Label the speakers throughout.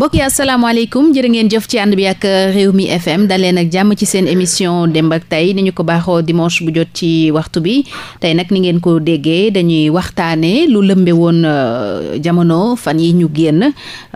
Speaker 1: mbokk yi asalaamaaleykum jërë ngeen jëf ci ànd bi ak euh, réew mi FM daleen ak jàmm ci seen émission démb ak tey ni ñu ko baaxoo dimanche bu jot ci waxtu bi tey nag ni ngeen ko déggee dañuy waxtaanee lu lëmbe woon euh, jamono fan yi ñu génn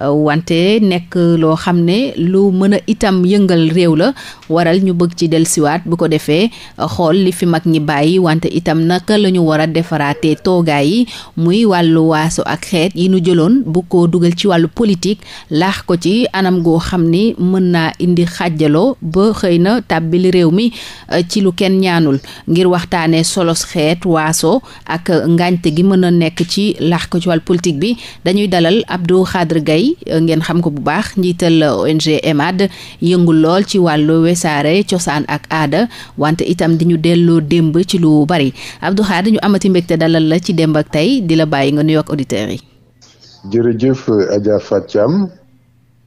Speaker 1: euh, wante nekk loo xam ne lu mën a itam yëngal réew la waral ñu bëgg ci dellusiwaat bu ko defee xool li fi mag ñi bàyyi wante itam naka la ñu war a defaraatee toogaay yi muy wàllu waaso ak xeet yi ñu jëloon bu ko dugal ci wàllu politique. laax ko ci anam goo xam ni mën naa indi xàjjaloo ba xëy na tàbbili réew mi euh, ci lu kenn ñaanul ngir waxtaanee solos xeet waaso ak ngaañte gi mën a nekk ci laax ko ci wàll politique bi dañuy dalal Abdou Khadre Gaye euh, ngeen xam ko bu baax njiital euh, ONG EMAD yëngul lool ci wàllu wesaare cosaan ak aada wante itam di ñu delloo démb ci lu bari Abdou Khadre ñu amati mbégte dalal la ci démb ak tey di la bàyyi nga nuyoog auditeurs yi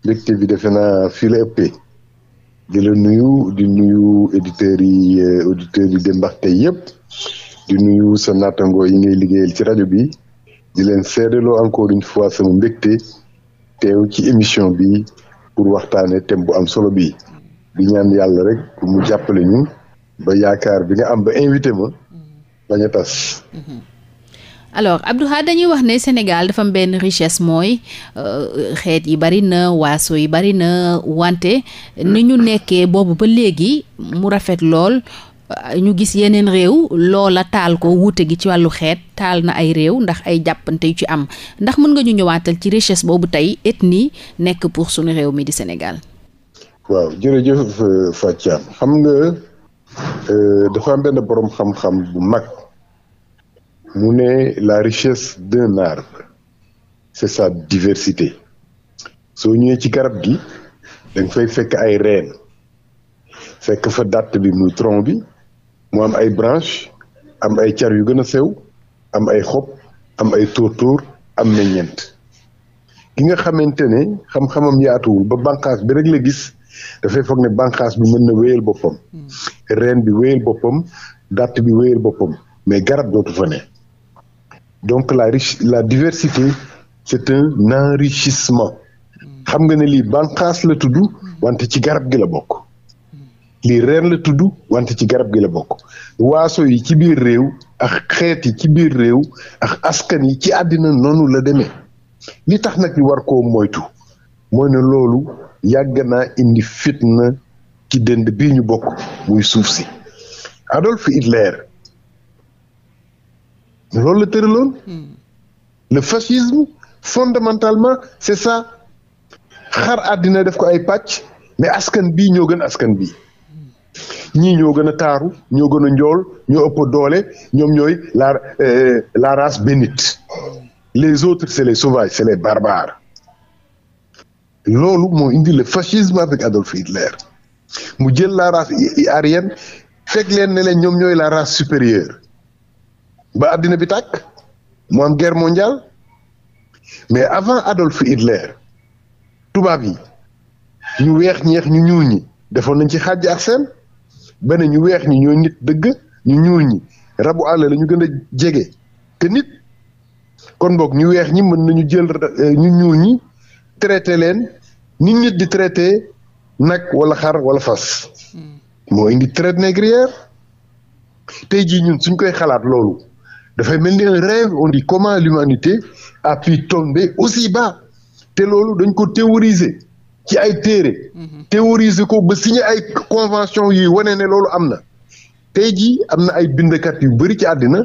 Speaker 2: mbégte bi defe naa fii la di la nuyu di nuyu auditeurs yi euh, auditeurs yi démb yëpp di nuyu sa naattango yi ngay liggéeyal ci rajo bi di leen seedaloo encore une fois sama mbégte teew ci émission bi pour waxtaanee thème bu am solo bi di ñaan yàlla rek mu jàppale ñu ba yaakaar bi nga am ba invité ma bañ tas.
Speaker 3: Mm-hmm.
Speaker 1: alors Abdou Khadre dañuy wax ne Sénégal dafa am benn richesse mooy euh, xeet yi bari na waaso yi bari na wante ni ñu nekkee boobu ba léegi mu rafet lool ñu gis yeneen réew loola taal ko wuute gi ci wàllu xeet taal na ay réew ndax ay jàppante yu ci am ndax mën nga ñu ñëwaatal ci richesse boobu tey ethnie nekk pour suñu réew mi di Sénégal.
Speaker 2: waaw jërëjëf euh, Fatia xam nga euh, dafa am benn xam-xam bu mag. mu ne la richesse d'un arbre c'est sa diversité soo ñëwee ci garab gi da nga fay fekk ay reen fekk fa dàtt bi muy tronc bi mu am ay branche am ay car yu gën a sew am ay xob am ay tóortóor am ñent ki nga xamante ne xam-xamam yaatuwul ba bànqaas bi rek la gis dafay foog ne bànqaas bi mën na wéyal boppam hmm. reen bi wéyal boppam dàtt bi wéyal boppam mais garab dootu fa ne donc la riche la diversité c'est un enrichissement xam nga ne lii banqaas la tudd wante ci garab gi la bokk lii reen la tudd wante ci garab gi la bokk waaso yi ci biir réew ak xeet yi ci biir réew ak askan yi ci àddina noonu la demee li tax nag ñu war koo moytu mooy ne loolu yàgg naa indi fitna ci dënd bii ñu bokk muy suuf si Adolf Hitler loolu la tëraloon hmm. le fascisme fondamentalement c'est ça xar àddina def ko ay pàcc mais askan bii ñoo gën askan bi ñi ñoo gën a taaru ñoo gën a njool ñoo ëpp doole ñoom ñooy la euh, la race bénite les autres c'est les sauvages c'est les barbares loolu moo indi le fascisme avec Adolf Hitler mu jël la race aryenne fekk leen ne leen ñoom ñooy la race supérieure ba àddina bi tàkk mu am guerre mondiale mais avant Adolf Hitler tubaab yi ñu weex ñeex ñu ñuul ñi defoon nañ ci xàjj ak seen benn ñu weex ñi ñooy nit dëgg ñu ñuul ñi rabu àll lañu gën a jege te nit kon boog ñu weex ñi mën nañu jël euh, ñu ñuul ñi traité leen nit nit di traité nag wala xar wala fas hmm. moo indi traite négrière tey jii ñun suñ koy xalaat loolu dafay mel ni un rêve on dit comment l'humanité a pu tomber aussi bas te loolu dañ ko théoriser ci ay téere mhm. théoriser ko ba signer ay convention yi wane ne loolu am na tey jii am na ay bindkat yu bëri ci àddina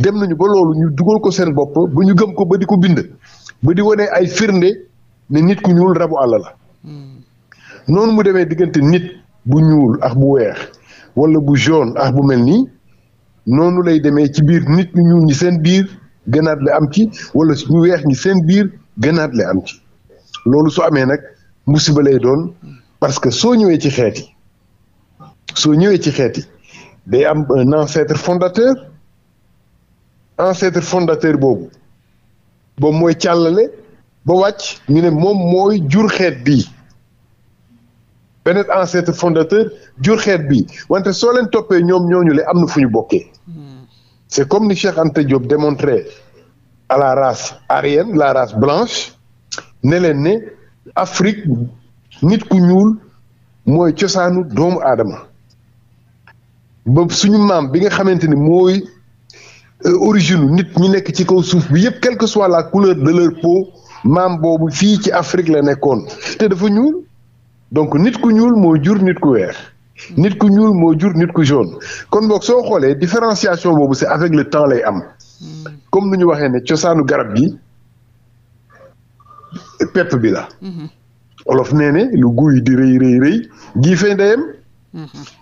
Speaker 2: dem nañu ba loolu ñu dugal ko seen bopp ba ñu gëm ko ba di ko bind ba di wane ay firnde ne nit ku ñuul rabu àll la mhm. noonu mu demee diggante nit bu ñuul ak bu weex wala bu jaune ak bu mel nii noonu lay demee ci biir nit ñu ñuul ñi seen biir gënaat la am ci wala ñu weex ñi seen biir gënaat la am ci loolu su amee nag musiba lay doon parce que soo ñëwee ci xeet yi soo ñëwee ci xeet yi day am un ancêtre fondateur ancêtre fondateur boobu ba mooy càllale ba wàcc ñu ne moom mooy jur xeet bii beneen ancêtre fondateur jur xeet bi wante soo leen toppee ñoom ñooñu le am na fu ñu bokkee c' est comme ni Cheikh Anta Diop démontré à la race aryenne la race blanche ne leen ne Afrique nit ku ñuul mooy cosaanu doomu aadama ba suñu maam bi nga xamante ni mooy euh, origine nit ñu nekk ci kaw suuf bi yëpp quelle que soit la couleur de leur peau maam boobu fii ci Afrique la nekkoon te dafa ñuul. donc nit ku ñuul moo jur nit ku weex. nit ku ñuul moo jur nit ku jaune. kon boog soo xoolee différenciation boobu si avec le temps lay am. comme nu ñu waxee ne cosaanu garab gi pepp bi la. olof nee lu guy di rëy rëy rëy giifee ndeyam.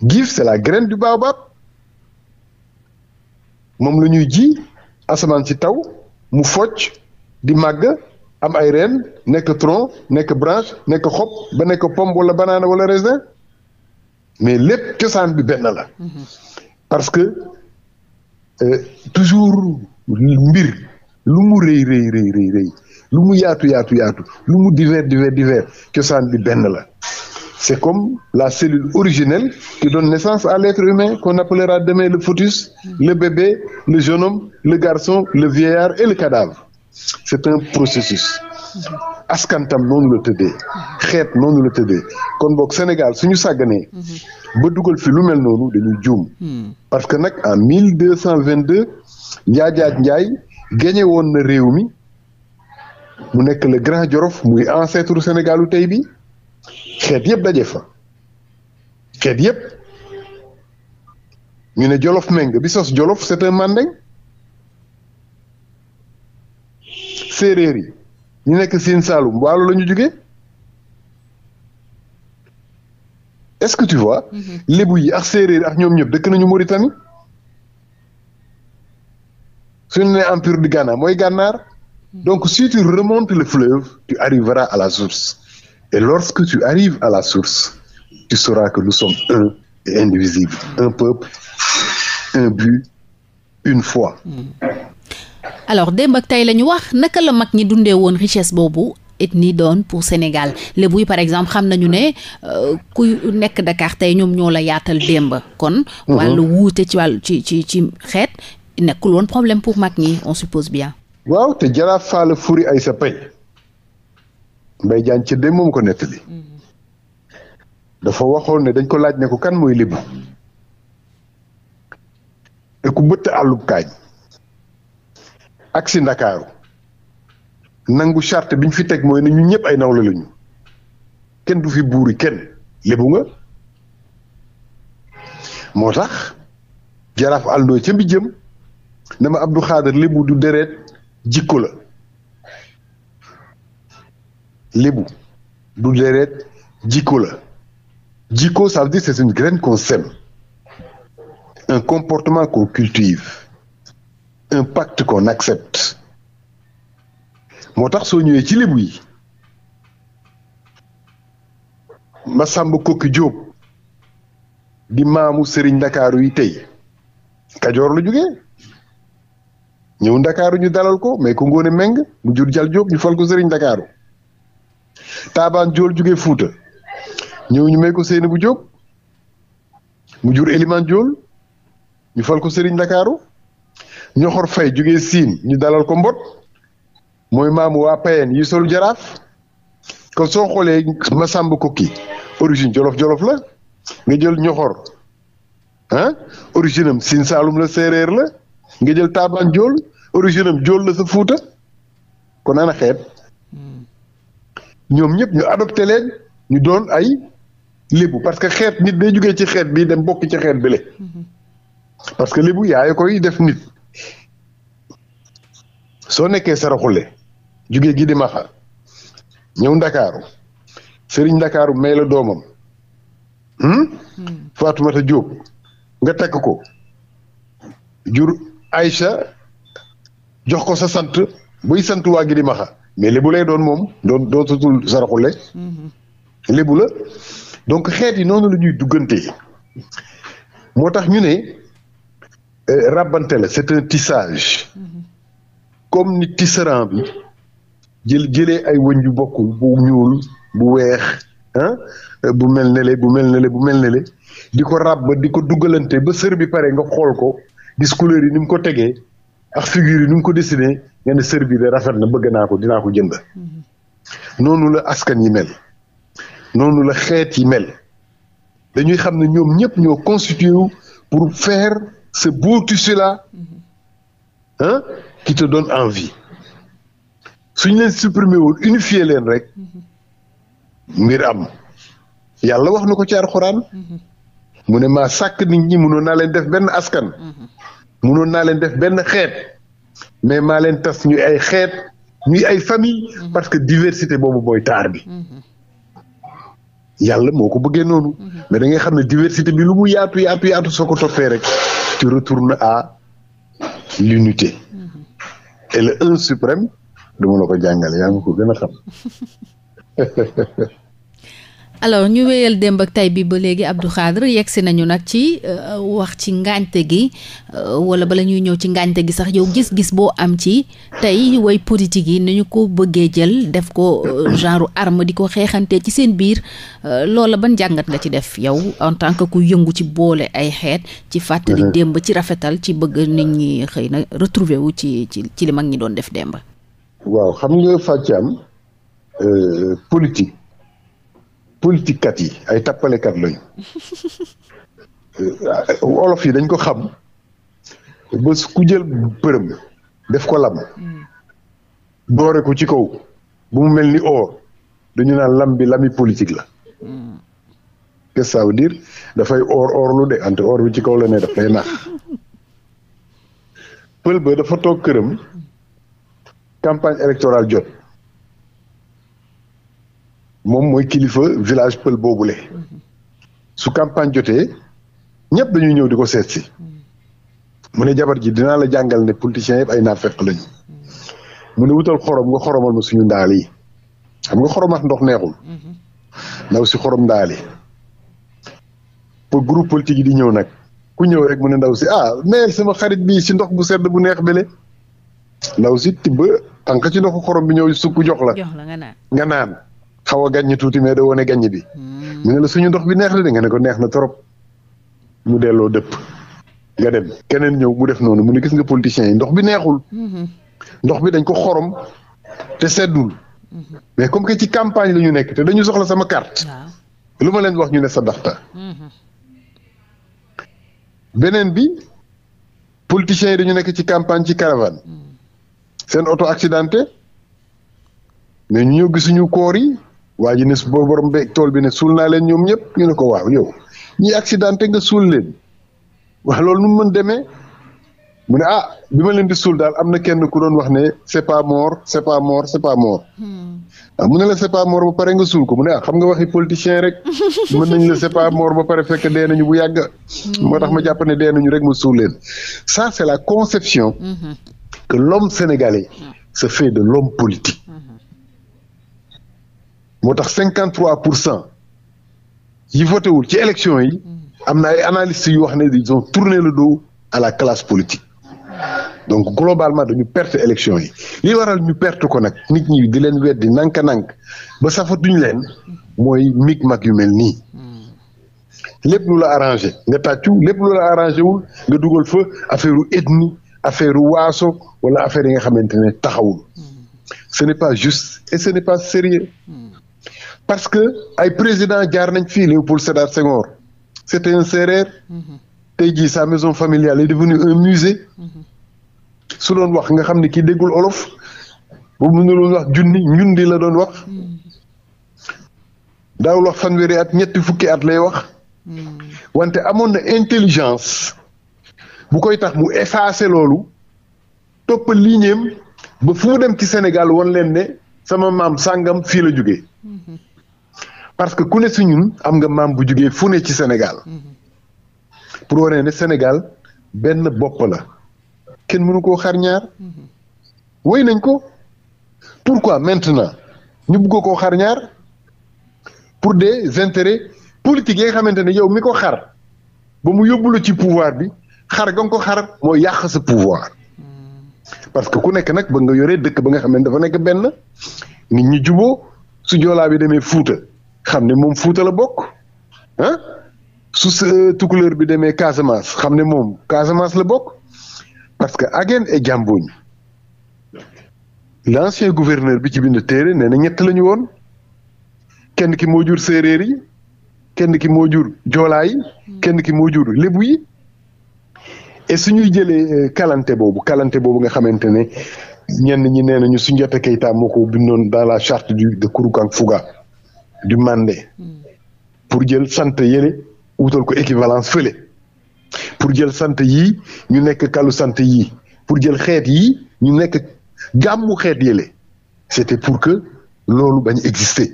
Speaker 2: giif c'est la graine du baobab. moom la ñuy ji asamaan si taw mu focc di màgg. am ay reen nekk tronc nekk branche nekk xob ba nekk pomme wala banaana wala raisin mais lépp cosaan bi benn la. Mhm. parce que euh, toujours mbir lu mu rëy rëy rëy rëy rëy lu mu lu mu divers divers divers cosaan bi benn la. c'est comme la cellule originelle qui donne naissance à l'être humain qu'on appellera demain le fœtus, mhm. le bébé, le jeune homme, le garçon, le vieillard et le cadavre. c'est processus askan tam noonu la tëddee xeet noonu la tëddee kon boog Sénégal suñu sàgganee ba dugal fi lu mel noonu dañuy juum parce que nag en mille deux cent vingt deux njaajaaj njaay gañe woon na réew mi mu nekk le Grand Jolof muy ancêtre Sénégalu tey bi xeet yëpp daje fa xeet yëpp ñu ne Jolof Meng bi sos Jolof c'est un mandeng séeréer yi ñu nekk Sine Saalum waalo la ñu jógee est-ce que tu vois. Mm-hmm. lébu yi ak séeréer ak ñoom ñëpp dëkk nañu Mauritanie. suñu nee empire du Ghana mooy gànnaar. Mm-hmm. donc si tu remontes le fleuve tu arriveras à la source. et lorsque tu arrives à la source tu sauras que nous sommes un et indivisible un peuple un but une foi. Mm.
Speaker 1: alors démb ak tey lañu wax naka la mag ñi dundee woon richesse boobu ethnie doon pour Sénégal lébu yi par exemple xam nañu ne euh, kuy nekk ndakaar tey ñoom ñoo la yaatal démb kon mhm. wàllu wuute ci wàllu ci ci ci xeet nekkul woon problème pour mag ñi on suppose bien
Speaker 2: waaw te jaraaf faala furi ay sa pay mbay jaan ci dem moom ko nettali mhm. dafa waxoon ne dañ ko laaj ne ko kan mooy lébu te ku bëtt àllub kaañ ak si ndakaaru nangu charte bi ñu fi teg mooy ne ñu ñëpp ay nawle lañu kenn du fi buuri kenn lébu nga moo tax jaraaf àndoo ca mbi jëm ne ma Abdou Khader lébu du deret jikko la lébu du deret jikko la jikko ça veut dire c'est une graine qu'on sème un comportement qu'on cultive un pacte qu'on accepte moo tax soo ñëwee ci Lebu yi Masamba Kokki Diop di maamu Serigne Ndakaaru yi tey Kajoor la jógee ñëw Ndakaaru ñu dalal ko mais ko ngoone meng mu jal Diop ñu fal ko Serigne Ndakaaru Taabaan Jool jógee Fuuta ñëw ñu may ko Seyni bu Diop mu jur Eliman Jool ñu fal ko Serigne Ndakaaru ñoxor fay jógee siin ñu dalal ko mbot mooy maamu waa payen yi solu jaraaf kon soo xoolee Masamba Koki origine jolof jolof la nga jël ñoxor ah origine am siin saalum la séeréer la nga jël taaban jool origine jool la sa fuuta kon ana xeet ñoom ñëpp ñu adopté leen ñu doon ay lébu parce que xeet nit day jugee ci xeet bi dem bokk ci xeet bi le mm-hmm. parce que lébu yaay koy def nit soo nekkee saraxule jugee gi di maxa ñëw ndakaaru sëriñ ndakaaru may la doomam hmm? Hmm. Faatumata Jóob nga takk ko jur Aïcha jox ko sa sant buy sant waa gidimaxa di maxa lay doon moom doon doon sutul saraxule hmm. lébu donc xeet yi noonu la ñuy duggante moo tax ñu ne Euh, ràbbante la c'est un tissage comme ni tisserand bi jël jëlee ay wëñ yu bokkul bu ñuul bu weex bu mel ne le bu mel ne le bu mel ne di ko ràbb di ko duggalante ba serbi pare nga xool ko gis couleur yi ni mu ko tegee ak figure yi ni mu ko dessiné nga ne sër bi rafet na bëgg naa ko dinaa ko jënd noonu la askan yi mel noonu la xeet yi mel dañuy xam ne ñoom ñëpp ñoo constitué pour faire ce beau ti là mm-hmm. hein, qui te donne envie. su ñu leen supprimer woon unifier leen rek mbir mm-hmm. am yàlla wax na ko ci alxuraan mm-hmm. mu ne ma sàkk nit ñi mënoon naa leen def benn askan mënoon naa leen def benn xeet mais maa leen tas ñuy ay xeet ñuy ay famille parce que diversité boobu mooy taar bi yàlla moo ko bëggee noonu mais da ngay xam ne diversité bi lu mu yaatu yaatu yaatu soo ko toppee rek tu retournes à l'unité et le un suprême du ma la ko jàngal yaa ngi ko gën a xam
Speaker 1: alors ñu wéyal démb ak tay bii ba léegi Abdou Khadre yegsi nañu nag ci euh, wax ci ngànte gi euh, wala bala ñuy ñëw ci ngànte gi sax yow gis-gis boo am ci tey way politique yi nañu ko bëggee jël def ko euh, genre arme di ko xeexante ci seen biir loola ban jàngat nga ci def yow en tant que ku yëngu ci boole ay xeet ci fàttali mhm. démb ci rafetal ci bëgg nit ñi xëy na retrouver wu ci ci ci li mag ñi
Speaker 2: doon def démb waaw xam nga Fatou Thiam politique politique kat yi ay tappalekat lañu olof yi dañ ko xam ba ku përëm def ko lam hmm. doore ko ci kaw bu mu mel ni oo dañu naan lam bi lami politique la qu'est-ce hmm. que ça veut dafay or or lu de ante or bi ci kaw la ne daf lay pël ba dafa toog këram campagne électorale jot moom mooy kilifa village pël boobule su campagne jotee ñëpp dañuy ñëw di ko seet si mu ne jabar ji dinaa la jàngal ne politiciens yëpp ay naafeq lañu mu ne wutal xorom nga xoromal ma suñu ndaal yi xam nga xorom ndox neexul ndaw si xorom ndaal yi pour groupe politique yi di ñëw nag ku ñëw rek mu ne ndaw si ah mais sama xarit bi si ndox bu sedd bu neex bele ndaw si tibb tànk ci ndoxu xorom bi ñëw sukk jox la nga naan xaw a gàññ tuuti mais da wane gàññ bi hmm. mu ne la suñu ndox bi neex na de nga ne ko neex na trop mu delloo dëpp nga dem keneen ñëw mu def noonu mu ne gis nga politiciens yi ndox bi neexul hmm. ndox bi dañ ko xorom te seddul hmm. mais comme que ci campagne la ñu nekk te dañu soxla sama carte lu ma leen wax ñu ne sa daxta beneen bi politiciens yi dañu nekk ci campagne ci caravane seen auto accidenté mais ñu ñëw gisuñu koor yi waa ji ne boo borom be tool bi ne suul naa leen ñoom ñëpp ñu ne ko waaw yow ñi accidenté nga suul leen wax loolu nu mën demee mu ne ah bi ma leen di suul daal am na kenn ku doon wax ne c'est pas mort c'est pas mort c'est pas mort hmm. ah, mu ne la c'est pas mort ba pare nga suul ko mu ne ah xam nga waxi politicien rek mën nañ la c'est pas mort ba pare fekk dee nañu bu yàgg hmm. moo tax ma jàpp ne dee nañu rek ma suul leen ça la conception hmm. que l'homme sénégalais se moo tax cinquante trois pour cent yi voté wul ci élection yi am na ay analystes yu wax ne di ont tourné le dos à la classe politique donc globalement dañu perte élection yi li waral ñu perte ko nag nit ñi di leen weddi nanka nank ba safatuñu leen mooy mig mag yu mel nii lépp lu la arrangé nga tàccu lépp lu la arrangé wul nga dugal fa affaire u ethnie affaire u waaso wala affaire yi nga xamante ne taxawul ce n'est pas juste et ce n'est pas sérieux parce que ay président jaar nañ fii Léopold Sédar Senghor c'était un séeréer mm-hmm. tey jii sa maison familiale est devenue un musée mm-hmm. su doon wax nga xam ne kii déggul olof bu mënuloon wax junni ñun di la doon wax mm-hmm. daawul wax fanweeri at ñetti fukki at lay wax wante amoon na intelligence bu koy tax mu effacé loolu topp lignéem ba fu dem ci Sénégal woon leen ne sama maam sàngam fii la jógee parce que ku si ñun am nga maam bu jugee fu ci Sénégal pour ne Sénégal benn bopp la kenn mënu koo xar woy nañ ko pourquoi maintenant ñu bëgg koo xar ñaar pour des intérêts politiques yi nga xamante ne yow mi ko xar ba mu yóbbu ci pouvoir bi xar ga ko xar moo yàq sa pouvoir parce que ku nekk nag ba nga yoree dëkk ba nga xam ne dafa nekk benn nit ñu juboo su joolaa bi demee Fuuta xam ne moom Fuuta la bokk ah su euh, tukulóor bi demee Casamance xam ne moom Casamance la bokk parce que Aguène et Diambogne l' ancien gouverneur bi ci bind téere nee na ñett la woon kenn ki moo jur séeréer yi kenn ki moo jur joolaa kenn ki moo jur lébu yi et suñuy jëlee euh, kalante boobu kalante boobu nga xamante ne ñenn ñi nee nañu Soundiata Keita moo ko bindoon dans la charte du de Kouroukan Fouga du Mandé hmm. pour jël sant yële wutal ko équivalence fële pour jël sant yi ñu nekk kalu sant yi pour jël xeet yi ñu nekk gàmmu xeet yële c'était pour que loolu bañ exister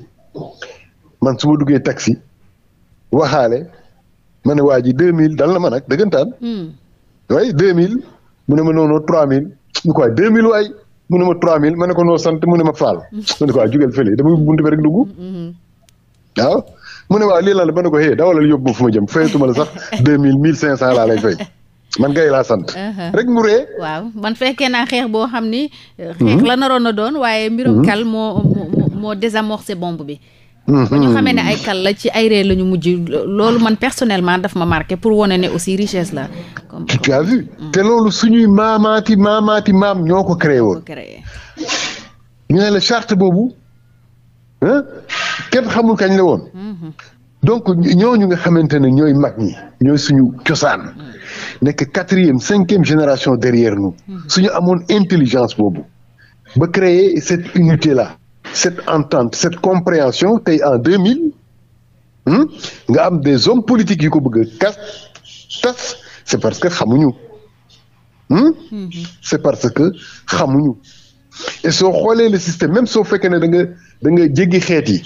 Speaker 2: man su duggee taxi waxaale ma ne waa ji deux mille dal na ma nag dëggantaan waaye hmm. deux mille mu ma noonoo trois mille ñu ko waay deux mille waay mu ne ma trois mille ma ne ko noo sant mu ma faal ma hmm. ne ko waay fële dama buntu bi rek dugg waaw ah? mu ne waaw lii lan ba ne ko hé dawalal yóbbu fu ma jëm fayatuma la sax mille mille cinq cent laa lay fay man gay laa sant.
Speaker 1: Uh-huh. rek mu ree. waaw man fekkee naa xeex boo xam ni. Uh, xeex mhm. la naroon na doon waaye. mbirum mhm. kal moo moo moo désamorcé bomb bi. Mhm. ay kal la ci ay la ñu mujj loolu man personnellement daf ma marqué pour wane ne aussi richesse la.
Speaker 2: comme tu as vu. te loolu suñuy maamaati maamaati maam ñoo ko créé woon. ñu ne la charte boobu. ah kenn xamul kañ la woon mhm. donc ñooñu nga xamante ne ñooy mag ñi ñooy suñu cosaan nekk quatrième cinquième génération derrière nous mhm. suñu amoon intelligence boobu ba créer cette unité là cette entente cette compréhension tey en deux mille nga am des hommes politiques yu ko bëgg a kas tas c'est parce que xamuñu mhm. c'est parce que xamuñu et soo xoolee le système même soo fekkee ne da da nga jéggi xeet yi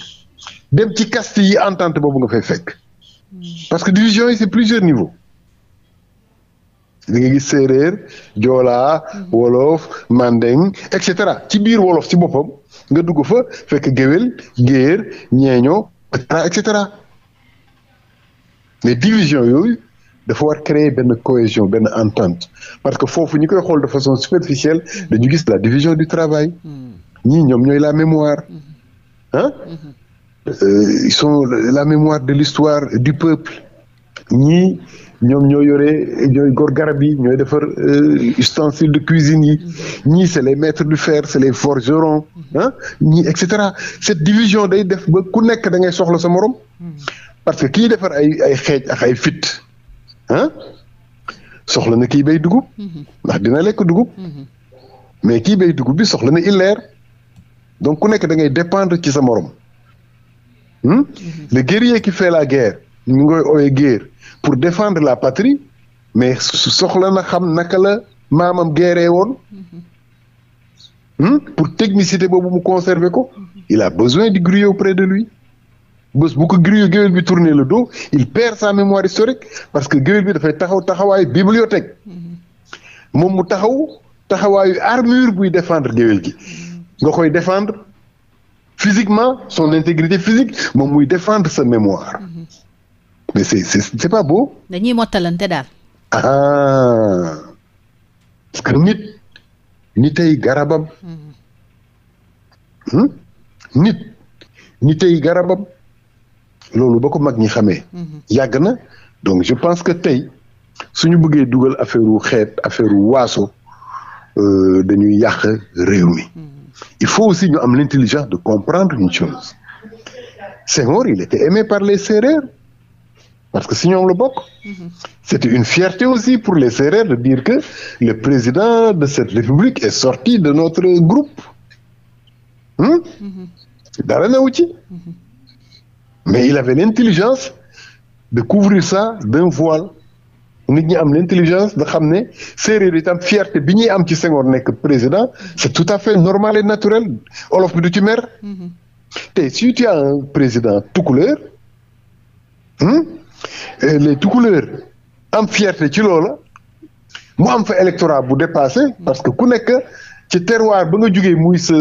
Speaker 2: dem ci caste yi entente boobu nga fay fekk parce que division yi c'est plusieurs niveaux da nga gis séeréer joolaa wolof mandeng et cetera ci biir wolof ci boppam nga dugg fa fekk géwél géer ñeeño et cetera mais division yooyu dafa war créer benn cohésion benn entente parce que foofu ñu koy xool de façon superficielle dañu gis la division du travail hmm. ñii ñoom ñooy la mémoire hmm. ah ils sont la mémoire de l'histoire du peuple ñii ñoom ñoo yore ñooy gor garab yi ñooy defar euh, ustensiles de cuisine yi ñi c'est les maîtres du fer c'est les forgerons ah ñii et cetera cette division day def ba ku nekk da ngay soxla sa moroom parce que kii defar ay ay xeej ak ay fit ah soxla na kii bay dugub ndax dina lekk dugub mhm. mais kii bay dugub bi soxla na illeer donc ku nekk dangay dépendre ci sa morom hmm? mhm. le guerrier ki fait la guerre ñu ngoy ooye guerre pour défendre la patrie mais soxla na xam naka la maamam guerree woon mhm. hmm? pour technicité boobu mu conserver ko mhm. il a besoin du griot près de lui bés bu ko griot géwél bi tourner la dos il perd sa mémoire historique parce que géwél bi dafay taxaw taxawaayu bibliothèque moom mu taxaw taxawaayu armure buy défendre géwél gi nga koy défendre physiquement son intégrité physique moom muy défendre sa mémoire mm -hmm. mais c'est c'est c'est pas beau.
Speaker 1: dañuy mottalante daal.
Speaker 2: ah parce que nit nit ay garabam. Mm-hmm. Hmm? nit nit ay garabam loolu ba ko mag ñi xamee. Mm-hmm. yàgg na donc je pense que tey suñu buggee dugal affaire wu xeet affaire wu waaso euh, dañuy yàq réew mi. Mm-hmm. Il faut aussi ñu am l'intelligence de comprendre une chose Senghor il était aimé par les Sérères parce que si ñoom la bokk. c'était une fierté aussi pour les Sérères de dire que le président de cette république est sorti de notre groupe. Hmm? dara newu ci. mais il avait l'intelligence de couvrir ça d'un voile. nit ñi am l'intelligence de xam ne séeréer tam fierte bi ñuy am ci Senghor nekk président c'est tout à fait normal et naturel olof bi du ci mer mm-hmm. te si tu as un président tukkuleer hmm, les tukkuleer am fierté ci loola mu am fa électorat bu dépassé mm-hmm. parce que ku nekk ci terroir ba nga jógee muy sa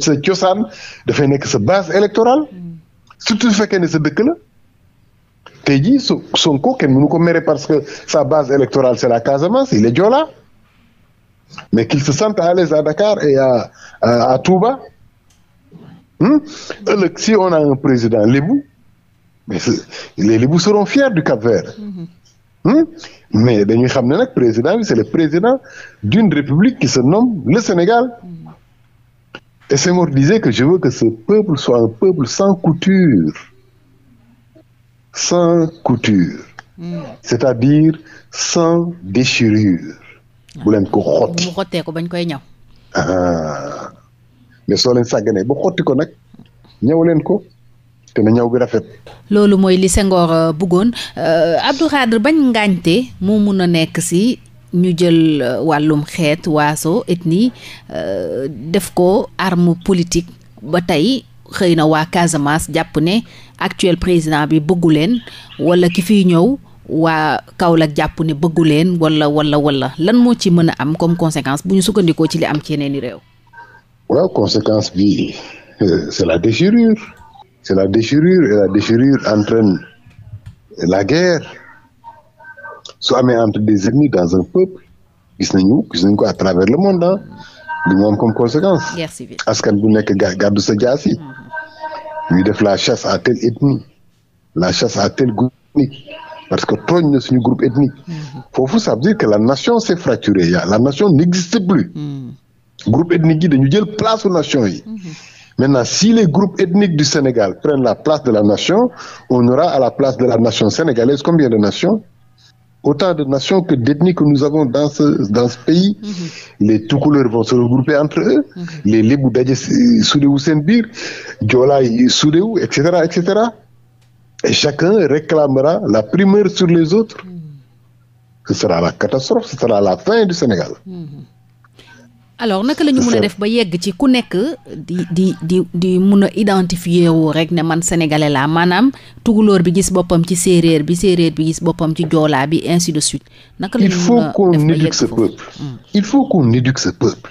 Speaker 2: sa cosaan dafay nekk sa base électorale mm-hmm. surtout su fekkee ne sa dëkk la tey jii su Sonko kenn mënu ko mere parce que sa base électorale c'est la Casamance il est Joola mais qu'il se sente à l'aise à Dakar et à tout à Touba hmm? ëllëg si on a un président lébu mais les lébu seront fiers du Cap-Vert mm-hmm. hmm? mais dañuy xam ne nag président bi c'est le président d'une république qui se nomme le Sénégal mmh. et Senghor disait que je veux que ce peuple soit un peuple sans couture sans couture mm. c'est-à-dire sans déchirure bu leen ko xotti
Speaker 1: bu xottee ko bañ koy ñaw
Speaker 2: ah mais soo leen sàgganee ba xotti ko nag ñëw leen ko te na ñaw bi rafet
Speaker 1: loolu mooy li Senghor euh, bëggoon euh, Abdou Khadre bañ ngaañte moo mun a nekk ci ñu jël euh, wàllum xeet waaso ethnie def ko arme politique ba tey xëy na waa Casamance jàpp ne actuelle président bi bëggu leen wala ki fiy ñëw waa Kaolack jàpp ni bëggu leen wala wala wala lan moo ci mën a am comme conséquence bu ñu sukkandikoo ci li am ci yeneen i réew.
Speaker 2: waaw conséquence bi euh, c'est la déchirure c'est la déchirure et la déchirure entraîne la guerre su amee entre des ennemis dans un peuple gis nañu gis nañu ko à travers le monde ah li mu am comme conséquence. guerre civile askan bu nekk gàddu sa jaasi. ñuy def la chasse à telle ethnie la chasse à tel groupe ethnique parce que tooñ na suñu groupe ethnique mm-hmm. foofu ça veut dire que la nation s'est fracturée ya la nation n'existe plus mm-hmm. groupe ethnique yi dañu jël place aux nations yi mm-hmm. maintenant si les groupes ethniques du Sénégal prennent la place de la nation on aura à la place de la nation sénégalaise combien de nations autant de nations que d'ethnies que nous avons dans ce, pays. Mhm. Les tout couleurs vont se regrouper entre eux. Mhm. Les Lébou Soudéou Senbir, Diola Soudéou, etc., etc. Et chacun réclamera la primeur sur les autres. Mm -hmm. Ce sera la catastrophe, ce sera la fin du Sénégal. Mhm.
Speaker 1: alors naka lañu ñu a def ba yegg ci ku nekk di di di mun a identifier wu rek ne man sénégalais laa maanaam tugulóor bi gis boppam ci séeréer bi séeréer bi gis boppam ci joolaa bi ainsi de suite.
Speaker 2: naka il faut qu'on éduque ce peuple. Hmm. il faut qu'on éduque ce peuple.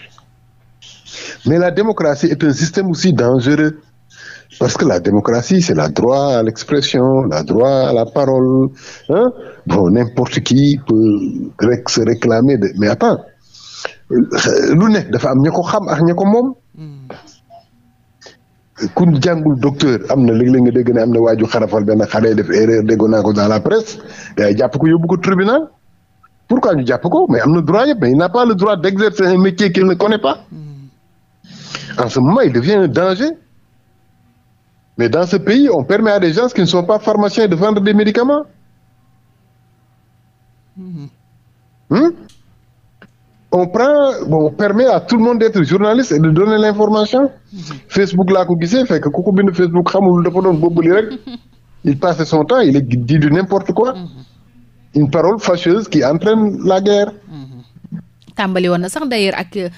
Speaker 2: mais la démocratie est un système aussi dangereux. parce que la démocratie c'est la droit à l'expression la droit à la parole n'importe qui peut se réclamer de mais attends lu ne dafa am ña ko xam ak ña ko moom. ku jàngul docteur am na léeg-léeg nga dégg ne am na waaju xarafal benn xale def erreur déggoon naa ko dans la presse day jàpp ko yóbbu ko tribunal pourquoi ñu jàpp ko mais am na droit yëpp mais il n'a pas le droit d'exercer un métier qu'il ne connaît pas mm. en ce moment il devient un danger mais dans ce pays on permet à des gens qui ne sont pas pharmaciens de vendre des médicaments. Mm-hmm. Hmm? on prend bon, on permet à tout le monde d'être journaliste et de donner l'information Facebook laa ko gisee fekk ku ko bind Facebook xamul dafa doon bobbali rek il passe son temps il dit du n'importe quoi mm-hmm. une parole fâcheuse qui entraîne la guerre mm-hmm.
Speaker 1: tàmbali woon na sax d'ailleurs ak euh,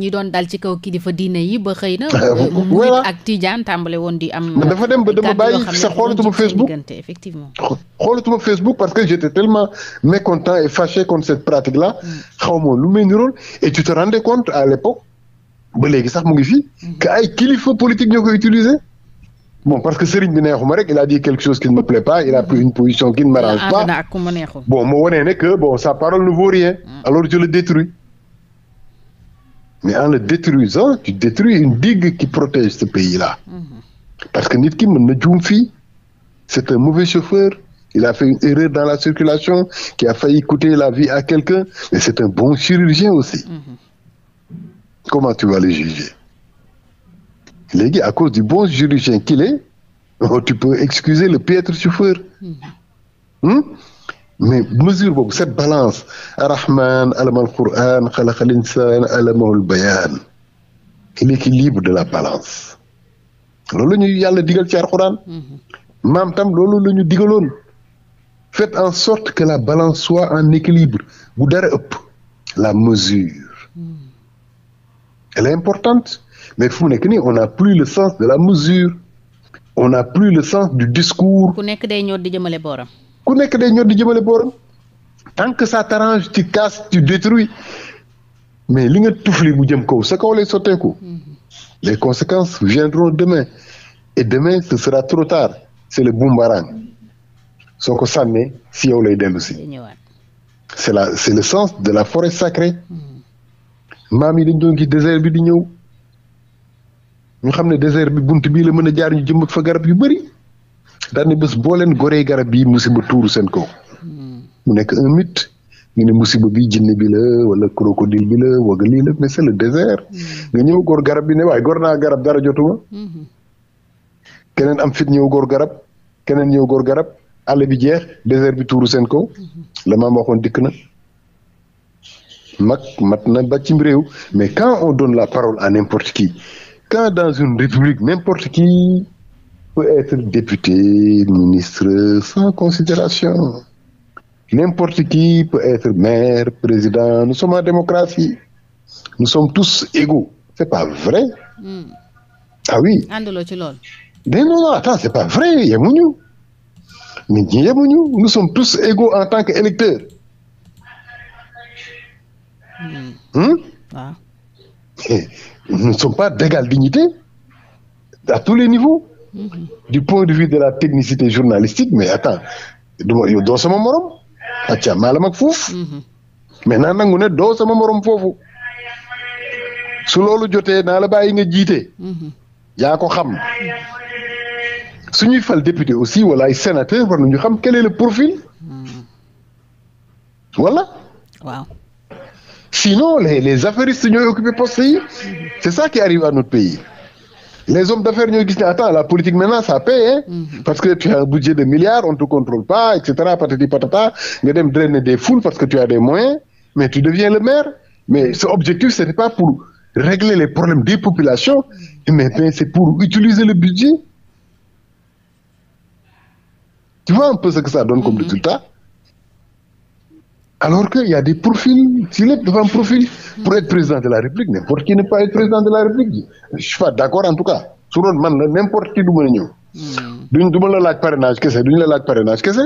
Speaker 1: ñi doon dal ci kaw kilifa diine yi ba xëy na. voilà ah, euh, ak tiijaan tàmbali woon di am. dafa dem ba euh, dama bàyyi sax xoolatuma Facebook
Speaker 2: effectivement. xoolatuma Facebook parce que j'étais tellement mécontent et fâché contre cette pratique là. Mm. xaw ma lu mel ni rôle et tu te compte à l'époque ba léegi sax mu ngi fii mm-hmm. que ay kilifa politique ñoo koy utiliser. parce que Serigne bi neexuma rek il a dit quelque chose qui ne me plaît pas il a pris mm-hmm. une position qui sa parole ne vaut rien mm. mais en le détruisant tu détruis une digue qui protège ce pays-là. Mhm. parce que nit ki mën na juum fii c'est un mauvais chauffeur il a fait une erreur dans la circulation qui a failli coûter la vie à quelqu'un mais c'est un bon chirurgien aussi. Mhm. comment tu vas le juger léegi à cause du bon chirurgien qu'il est tu peux excuser le piètre chauffeur. Mhm. Hmm? mais mesure boobu cette balance arrahman alamal quran xalaqal insaan alamahul bayaan l'équilibre de la balance loolu la yàlla digal ci alquran mm-hmm. maam tam loolu la ñu digaloon faites en sorte que la balance soit en équilibre bu dara ëpp la mesure mm. elle est importante mais fu nekk nii on n'a plus le sens de la mesure on n'a plus le sens du discours
Speaker 1: ku nekk day ñëw di jëmale booram
Speaker 2: ku nekk day ñor di jëmale booram tant que ça t'arrange tu casses tu détruis mais li nga tufli bu jëm kaw sa kaw lay sotteeku mhm. les conséquences viendront demain et demain ce sera trop tard c'est le boomerang soo ko sàmmee si yow lay dellu si c'est la c'est le sens de la forêt sacrée mhm. maam yi dañ doon gis désert bi di ñëw ñu xam ne désert bi bunt bii la mën a jaar ñu jëmm fa garab yu bari daal ne bés boo leen goree garab yi musiba tuuru seen kaw mu nekk un mythe ne musiba bi jinne bi la wala crocodile bi la wala la mais c'est le désert nga ñëw góor garab bi ne waaye góor naa garab dara jotuma keneen am fit ñëw góor garab keneen ñëw góor garab àll bi jeex désert bi tuuru seen ko la maam waxoon dikk na mag mat na ba cim réew mais quand on donne la parole à n'importe qui quand dans une république n'importe qui peut être député, ministre, sans considération. N'importe qui peut être maire, président. Nous sommes en démocratie. Nous sommes tous égaux. C'est pas vrai. Hmm. Ah oui. àndaloo ci attends c'est pas vrai yemuñu. nous sommes tous égaux en tant qu'électeurs. Mm. Hmm? Ah. Eh, nous sommes pas d'égale dignité à tous les niveaux. du point de vue de la technicité journalistique mais attends duma yow doo sama morom acca maa la mag foofu mais naa nangu ne doo sama morom foofu su loolu jotee naa la ba yi nga jiite yaa ko xam su ñuy fal député aussi wala ay sénateur war nañu xam quel est le profil voilà sinon les les affairistes ñooy occuper poste yi c'est ça qui arrive à notre pays les hommes d'affaires ñoo gis ne attends la politique maintenant ça paye mm-hmm. parce que tu as un budget de milliards on ne te contrôle pas et cetera patati patata nga dem drainer des foules parce que tu as des moyens mais tu deviens le maire mais ce objectif ce n'est pas pour régler les problèmes des populations mais, mais c'est pour utiliser le budget tu vois un peu ce que ça donne comme mm-hmm. résultat alors que y a des profils si lépp dafa am profil pour être président de la république n'importe qui ne peut pas être président de la république je suis d'accord en tout cas su doon man la n'importe qui du mën a ñëw hmm. duñ du ma la laaj parrainage kese duñ la laaj parrainage kese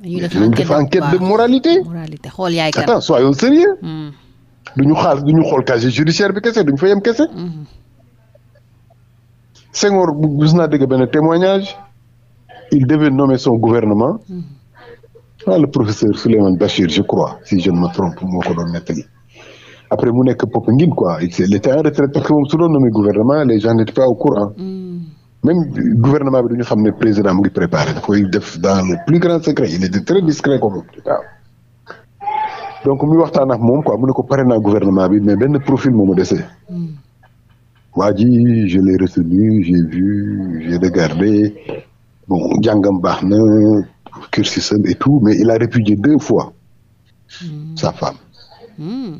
Speaker 2: dañu def enquête
Speaker 1: de moralité
Speaker 2: attends soyons sérieux hmm. duñu xaal xool casier judiciaire bi kese duñ fa yem kese hmm. Senghor bu gis naa dégg benn témoignage il devait nommer son gouvernement ah le professeur Souleymane Bachir je crois si je ne me trompe moo ko doon nettali après mu nekk Popenguine quoi il était en retraite parce que moom su doon nommé gouvernement les gens n'étaient pas au courant. Mm. même gouvernement bi du ñu xam ne président mu ngi préparé da koy def dans le plus grand secret il était très discret comme waaw. donc muy waxtaan ak moom quoi mu ne ko pare naa gouvernement bi mais benn profil moo ma dese. Mm. waa ji je l'ai retenu j'ai vu j'ai regardé na. Curcison et tout, mais il a répudié deux fois hmm. sa femme. Mmh.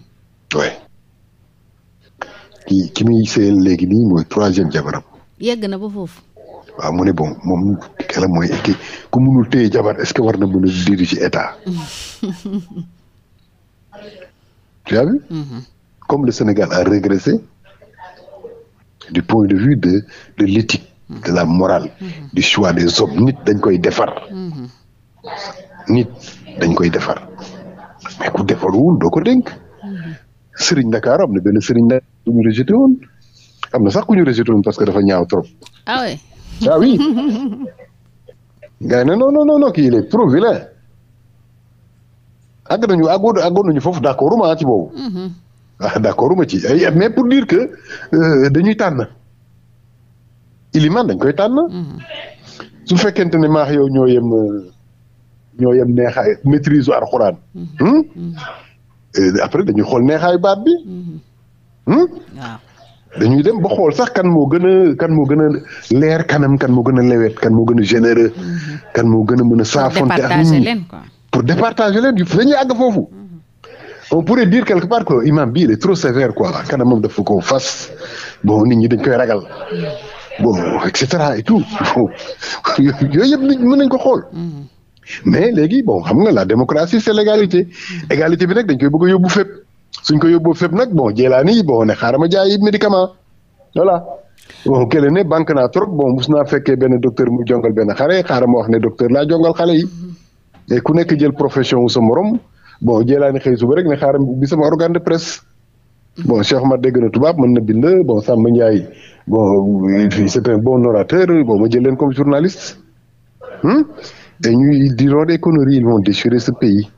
Speaker 2: ki ki muy sëyal léegi nii mooy troisième jabaram.
Speaker 1: yegg na ba foofu.
Speaker 2: waaw mu ne bon moom xelam mooy ki ku munul téye jabar est-ce que war na mën a diriger état. Hmm. comme le Sénégal a régressé du point de vue de l'éthique hmm. de la morale. du choix des hommes nit dañ koy defar. nit dañ koy defar mais ku defarul doo ko dénk. Sëriñ Dakar am na benn Sëriñ Dakar bu ñu rejeté am na sax ku ñu rejeté parce que dafa ñaaw trop.
Speaker 3: ah oui
Speaker 2: ah ne non non non non kii il est àgg nañu àggoon àggoon nañu foofu d'accord ma ci boobu. Mm-hmm. ah ci mais pour dire que euh, dañuy tànn iliman dañ koy tànn. Mm-hmm. su fekkente ne maax yow ñoo euh, ñoo yem neexaay maitrise maîtrise u alxuraan mm-hmm. Hmm? Mm-hmm. Eh, après dañuy xool neexaayu baat bi mm-hmm. hmm? dañuy dem ba xool sax kan moo gën a kan moo gën a leer kanam kan moo gën a lewet kan moo gën a généreux kan moo gën a mën a saafonte ak nit ñi pour départager leen dañuy àgg foofu on pourrait dire quelque part que imam bii il est trop sévère quoi kanam moom dafa ko fas bon nit ñi dañ koy ragal bon et et tout yooyu yëpp nit mën nañ ko xool mais léegi bon xam nga la démocratie c'est l'égalité égalité bi nag dañ koy bëgg a yóbbu fépp suñ ko yóbbu fépp nag bon jëlaani bon ne xaaral ma jaay médicament voilà. bon kële ne banque naa trop bon mus naa fekkee benn docteur mu jongal benn xale xaaral ma wax ne docteur laa jongal xale yi mm-hmm. et ku nekk jël profession wu sa morom bon jëlaani xëy suba rek ne xaaral bi sama organe de presse. Mm-hmm. bon Cheikh Omar dégg na tubaab mën na bind bon Samba Ndiaye bon c'est un bon orateur bon ma jël leen comme journaliste. Hmm? et ñu ils diront des conneries ils vont déchirer pays.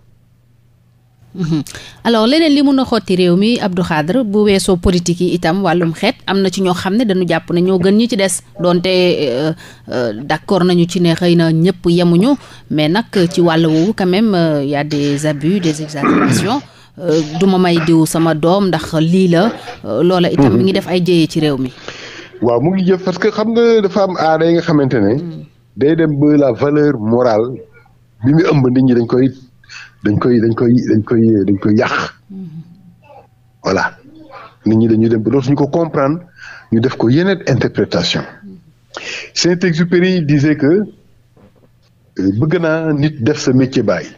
Speaker 3: Mmh.
Speaker 1: leneen li mun a xotti réew mi Abdou Khadre bu weesoo politique yi itam wàllum xeet am na ci ñoo xam ne dañu jàpp ne ñoo gën ñi ci des donte euh, euh, d'accord nañu ci ne xëy na ñëpp yemuñu mais nag ci wàll woowu quand même euh, y a des abus des euh, du ma may diw sama doom ndax lii la euh, loola itam mu ngi def ay jëyee ci réew mi.
Speaker 2: waaw mu ngi jëf parce que xam nga dafa am aada yi nga xamante ne. Mm. day dem ba la valeur morale bi mu ëmb nit ñi dañ koy dañ koy dañ koy dañ koy dañ koy yàq voilà nit ñi dañuy dem ba dootuñu ko comprendre ñu def ko yeneen interprétation Saint-Exupéry disait que euh, bëgg naa nit def sa métier bàyyi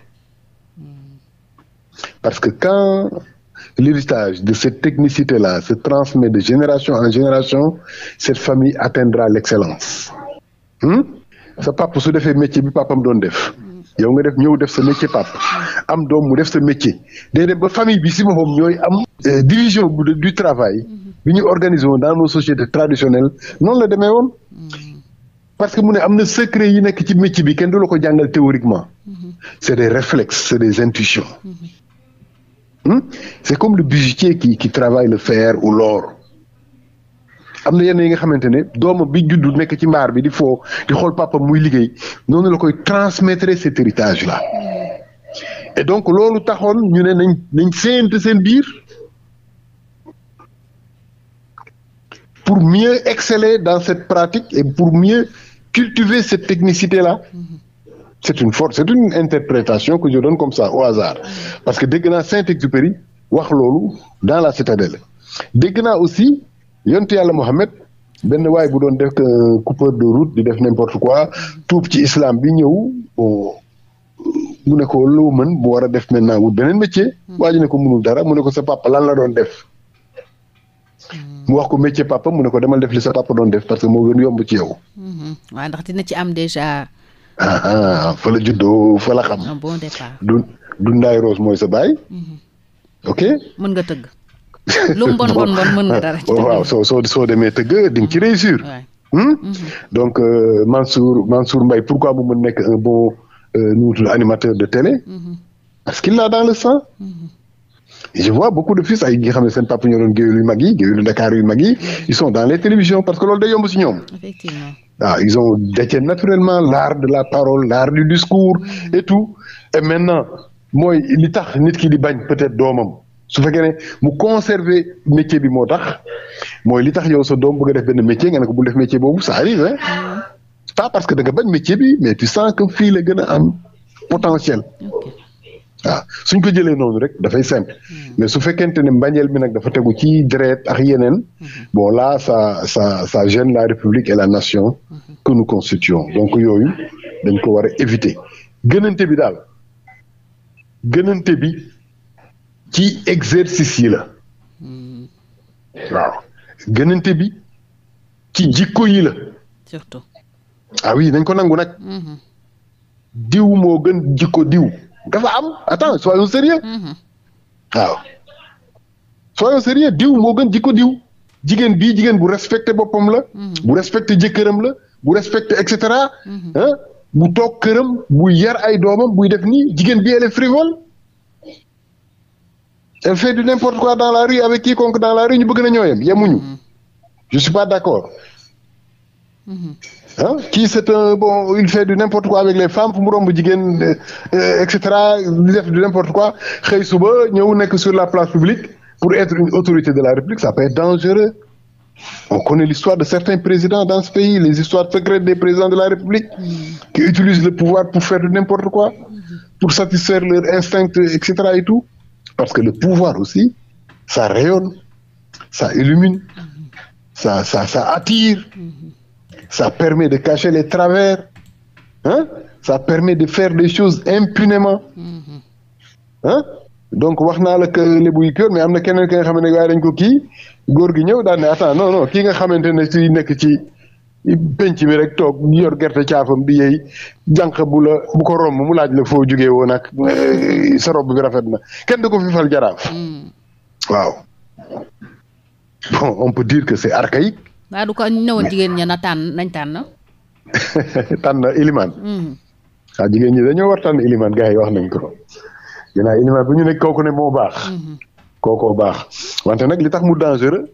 Speaker 2: parce que quand l'héritage de cette technicité-là se transmet de génération en génération cette famille atteindra l'excellence hmm? sa papa su defee métier bi papam doon def yow nga def ñëw def sa métier papa am doom mu def sa métier day dem ba famille bi si boppam ñooy am euh, division du travail bi ñu organisé woon dans nos sociétés traditionnelles noonu la demee woon parce que mu ne am na secret yi nekk ci métier bi kenn du la ko jàngal théoriquement c'est des réflexes c'est des intuitions hmm? c'est comme le bijoutier qui qui travaille le fer ou l'or am na yenn yi nga xamante ne dooma bi juddu nekk ci mbaar bi di fo di xool papa muy liggéey noonu la koy transmettre cet héritage là e donc loolu taxoon ñu ne nañ nañ séente seen biir pour mieux exceller dans cette pratique et pour mieux cultiver cette technicité la mm-hmm. c'est une force c'est une interprétation que je donne comme ça au hasard mm-hmm. parce que dégg naa Saint-Exupéry wax loolu dans la citadelle dégg naa aussi yontu yàlla Mohamed benn waay bu doon def euh, coupeur de route di def n'importe quoi tuub ci islam bi ñëw bon euh, mu ne ko lu mën mu war a def maintenant wut beneen métier. Hmm. waa ne ko mënul dara mu ne ko sa papa lan la doon def. Hmm. mu wax ko métier papa mu ne ko demal def li sa papa doon def parce que moo gën yomb ci yow.
Speaker 1: Hmm. waaw ndax dina ci am déjà.
Speaker 2: Ah, ah, fa la juddoo fa la xam. un Rose mooy sa baay. ok mën nga tëgg. lu mu bon mën nga dara waaw soo soo soo demee tëgg di nga ci réussir. Hmm? Mhm. donc euh, Mansour Mansour Mbaye pourquoi mu mën nekk un bon euh, nu animateur de télé. Mhm. parce qu'il l'a dans le sang. Mhm. je vois beaucoup de fils ay nga xam ne seen papa ñoo doon géwél yu mag yi yu mag yi ils sont dans les télévisions parce que loolu day yomb si ñoom. effectivement waaw ah, ils ont détiennent naturellement l'art de la parole l'art du discours et tout et maintenant mooy li tax nit ki di bañ peut-être doomam. su fekkee ne mu conserver métier bi moo tax mooy li tax yow sa doom bëgg a def benn métier nga ne ko bul def métier boobu ça arrive hein mm-hmm. pas parce que da nga bañ métier bi mais tu sens fii la gën a am potentiel waaw ah, suñ ko jëlee noonu rek dafay simple mm-hmm. mais su fekkente ne mbañeel bi nag dafa tegu ci deret ak yeneen mm-hmm. bon là ça ça jeune la république et la nation que nous constituons donc yooyu dañ ko war a éviter gënante bi daal gënante bi ci exercice yi la waaw gën gënante bi ci jikko yi la. surtout. ah oui nañ ko nangu nag. Mm-hmm. diw moo gën jikko diw. dafa am attends soyons sérieux mm-hmm. waaw soyons sérieux diw moo gën jikko diw. jigéen bii jigéen bu respecté boppam la. Mm-hmm. bu respecté jëkkëram la. bu respecté et cetera. bu toog këram bu yar ay doomam buy def nii jigéen bi elle est frivole. elle fait du n'importe quoi dans la rue avec quiconque dans la rue ñu bëgg na ñoo yem yemuñu mm-hmm. je suis pas d'accord ah un bon il fait du n'importe quoi avec les femmes fu mu romb jigéen euh, euh, et cetera du n'importe quoi xëy suba ñëw nekk sur la place publique pour être une autorité de la République ça peut être dangereux on connaît l'histoire de certains présidents dans ce pays les histoires secrètes des présidents de la République mm-hmm. qui utilisent quoi pour satisfaire leur instinct et cetera et Parce que le pouvoir aussi, ça rayonne, ça illumine, ça, ça, ça attire, ça permet de cacher les travers, hein? ça permet de faire des choses impunément. Hein? donc wax naa la que Lébu yi kër mais am na keneen ki nga xam ne gars yi ko kii góor gi ñëw daan ne attends non non kii nga xamante ne ci nekk ci penc mi rek toog yor gerte caafam di yey jànq bu la bu ko romb mu laaj la foo jugee woon ak eh, sa rob bi rafet na kenn du ko fi fal jaraaf. Hmm. waaw bon on peut dire que c'est archaïque.
Speaker 1: waaw du ko newoon jigéen ña na tànn nañ tànn.
Speaker 2: tànn ilimaan. Hmm. waaw jigéen ñi dañoo wartaan tànn ilimaan gars yi wax nañ ko. ginnaaw ilimaan bu ñu ne kooku ne moo baax. Hmm. kookoo baax wante nag li tax mu dangereux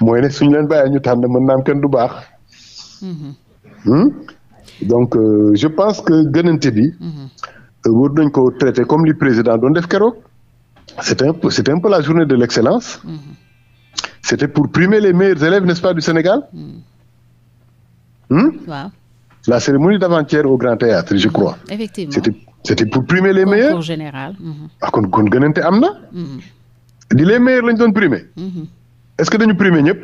Speaker 2: mooy ne suñ leen bàyyee ñu tànn mën naam kenn du baax. Hmm? donc euh, je pense que gënante bi. Euh, war nañ ko traité comme li président doon def keroog. c'est un peu c'est la journée de l'excellence. c'était pour primer les meilleurs élèves n'est-ce pas du Sénégal. Hmm? la cérémonie d'avant-hier au Grand Théâtre je crois. effectivement c'était c'était pour primer les meilleurs. concours général. ah kon kon gënante am na. Hmm. di les meilleurs lañ doon primer. est-ce que dañu primer ñëpp.